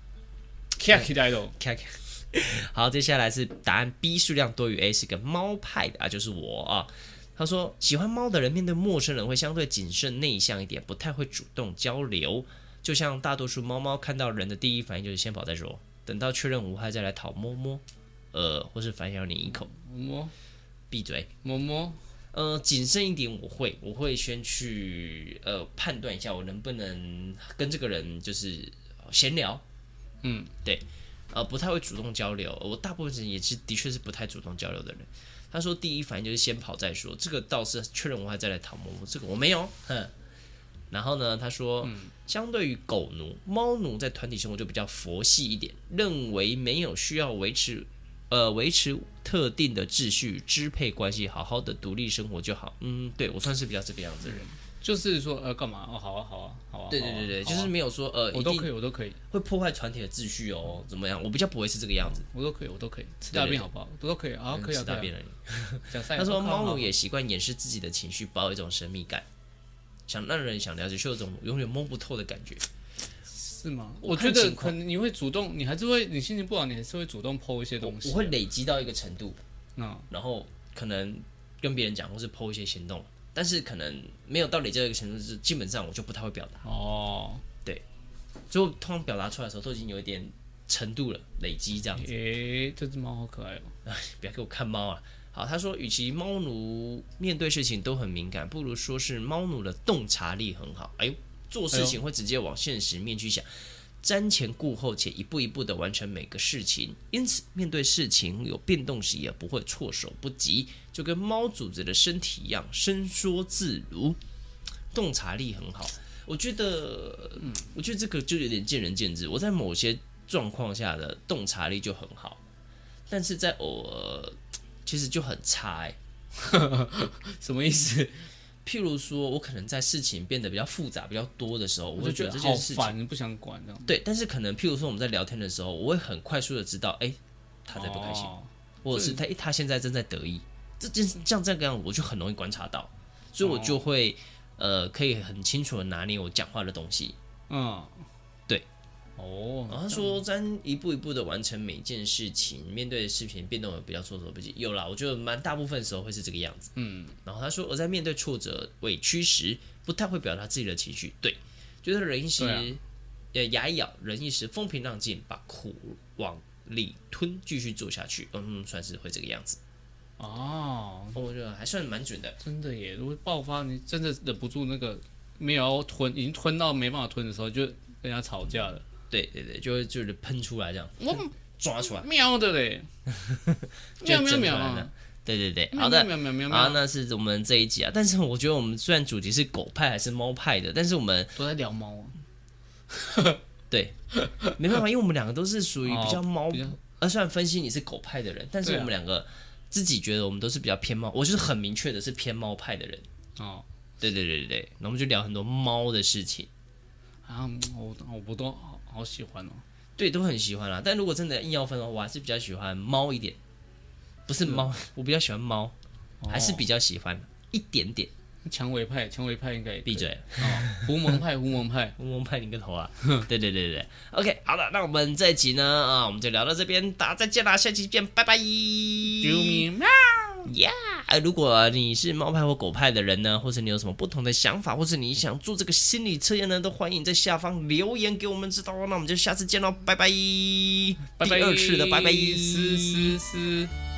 好，接下來是答案 B，數量多於 A，是個貓派的啊，就是我啊。他說，喜歡貓的人面對陌生人會相對謹慎、內向一點，不太會主動交流。就像大多數貓貓看到人的第一反應就是先跑再說，等到確認無害再來討摸摸，摸，呃，或是反咬你一口摸摸，閉嘴摸摸。呃，謹慎一點，我會，我會先去呃判斷一下，我能不能跟這個人就是閒聊，嗯，對，呃，不太會主動交流，我大部分人也是，的確是不太主動交流的人。他說，第一反應就是先跑再說，這個倒是確認我還再來討摸摸，這個我沒有，哼。然後呢，他說，嗯，相對於狗奴、貓奴，在團體生活就比較佛系一點，認為沒有需要維持。呃，維持特定的秩序、支配關係，好好的獨立生活就好。嗯，對，我算是比較這個樣子的人。就是說，呃，幹嘛？哦，好啊，好啊，好啊。好啊好啊對對對對、啊，就是沒有說，呃，我都可以，我都可以。會破壞團體的秩序哦，怎麼樣？我比較不會是這個樣子。我都可以，我都可以。吃大便好不好？我都，都可，以、啊、可以啊，可以啊，吃大便的人。可以啊可以啊、 他說，貓奴也習慣掩飾自己的情緒，保有一種神秘感，想讓人想了解，卻有種永遠摸不透的感覺。是嗎？我覺得可能你會主動，你還是會，你心情不好，你還是會主動 po 一些東西我。我會累積到一個程度，嗯，然後可能跟別人講，或是 po 一些行動，但是可能沒有到累積一個程度，是基本上我就不太會表達。哦，對，就通常表達出來的時候都已經有一點程度了，累積這樣子。誒、欸，這隻貓好可愛哦！哎， 不要給我看貓啊！好，他說，與其貓奴面對事情都很敏感，不如說是貓奴的洞察力很好。哎呦！做事情會直接往現實面去想，哎、瞻前顧後且一步一步的完成每個事情，因此面對事情有變動時也不會措手不及，就跟貓主子的身體一樣伸縮自如，洞察力很好。我覺得，我覺得這個就有點見仁見智。我在某些狀況下的洞察力就很好，但是在我其實就很差，欸， 什麼意思？嗯譬如說，我可能在事情變得比較複雜、比較多的時候，我會覺得這件事情反正不想管。對，但是可能譬如說我們在聊天的時候，我會很快速的知道，哎、欸，他在不開心，哦、或者是他他現在正在得意，這件事像這個樣子，我就很容易觀察到，所以我就會、哦、呃，可以很清楚的拿捏我講話的東西，嗯。哦、oh，然後他說：“在一步一步的完成每件事情，面對的事情變動也比較措手不及。”有啦，我覺得蠻大部分的時候會是這個樣子。嗯，然後他說：“我在面對挫折、委屈時，不太會表達自己的情緒。對覺”對，就覺得忍一時，呃，牙一咬，忍一時，風平浪靜，把苦往裡吞，繼續做下去。嗯，嗯算是會這個樣子。哦、oh，我覺得還算蠻準的。真的耶，如果爆發，你真的忍不住那個沒有要吞，已經吞到沒辦法吞的時候，就跟人家吵架了。對對對，就是噴出來這樣我抓出來喵，對不對？ 這樣喵喵喵、啊、對對對喵喵喵。那是我們這一集啊，但是我覺得我們雖然主題是狗派還是貓派的，但是我們都在聊貓、啊、 對沒辦法，因為我們兩個都是屬於比較貓、哦、比較而雖然分析你是狗派的人，但是我們兩個自己覺得我們都是比較偏貓，我就是很明確的是偏貓派的人哦，對對對對對，那我們就聊很多貓的事情好、啊，我我不懂好喜歡哦、喔，對，都很喜歡啊。但如果真的硬要分的話，我還是比較喜歡貓一點，不是貓， 我比較喜歡貓、哦，還是比較喜歡一點點薔薇派，薔薇派應該閉嘴哦，狐 獴派，狐獴派，狐獴派，你個頭啊！ 對對對對，對，OK，好了，那我們這一集呢，啊，我們就聊到這邊，大家再見啦，下期見，拜拜。呀、yeah，如果你是貓派或狗派的人呢，或者你有什麼不同的想法，或者你想做這個心理測驗呢，都歡迎在下方留言給我們知道哦。那我們就下次見嘍，拜拜，拜，拜！第二次的拜拜，思思思。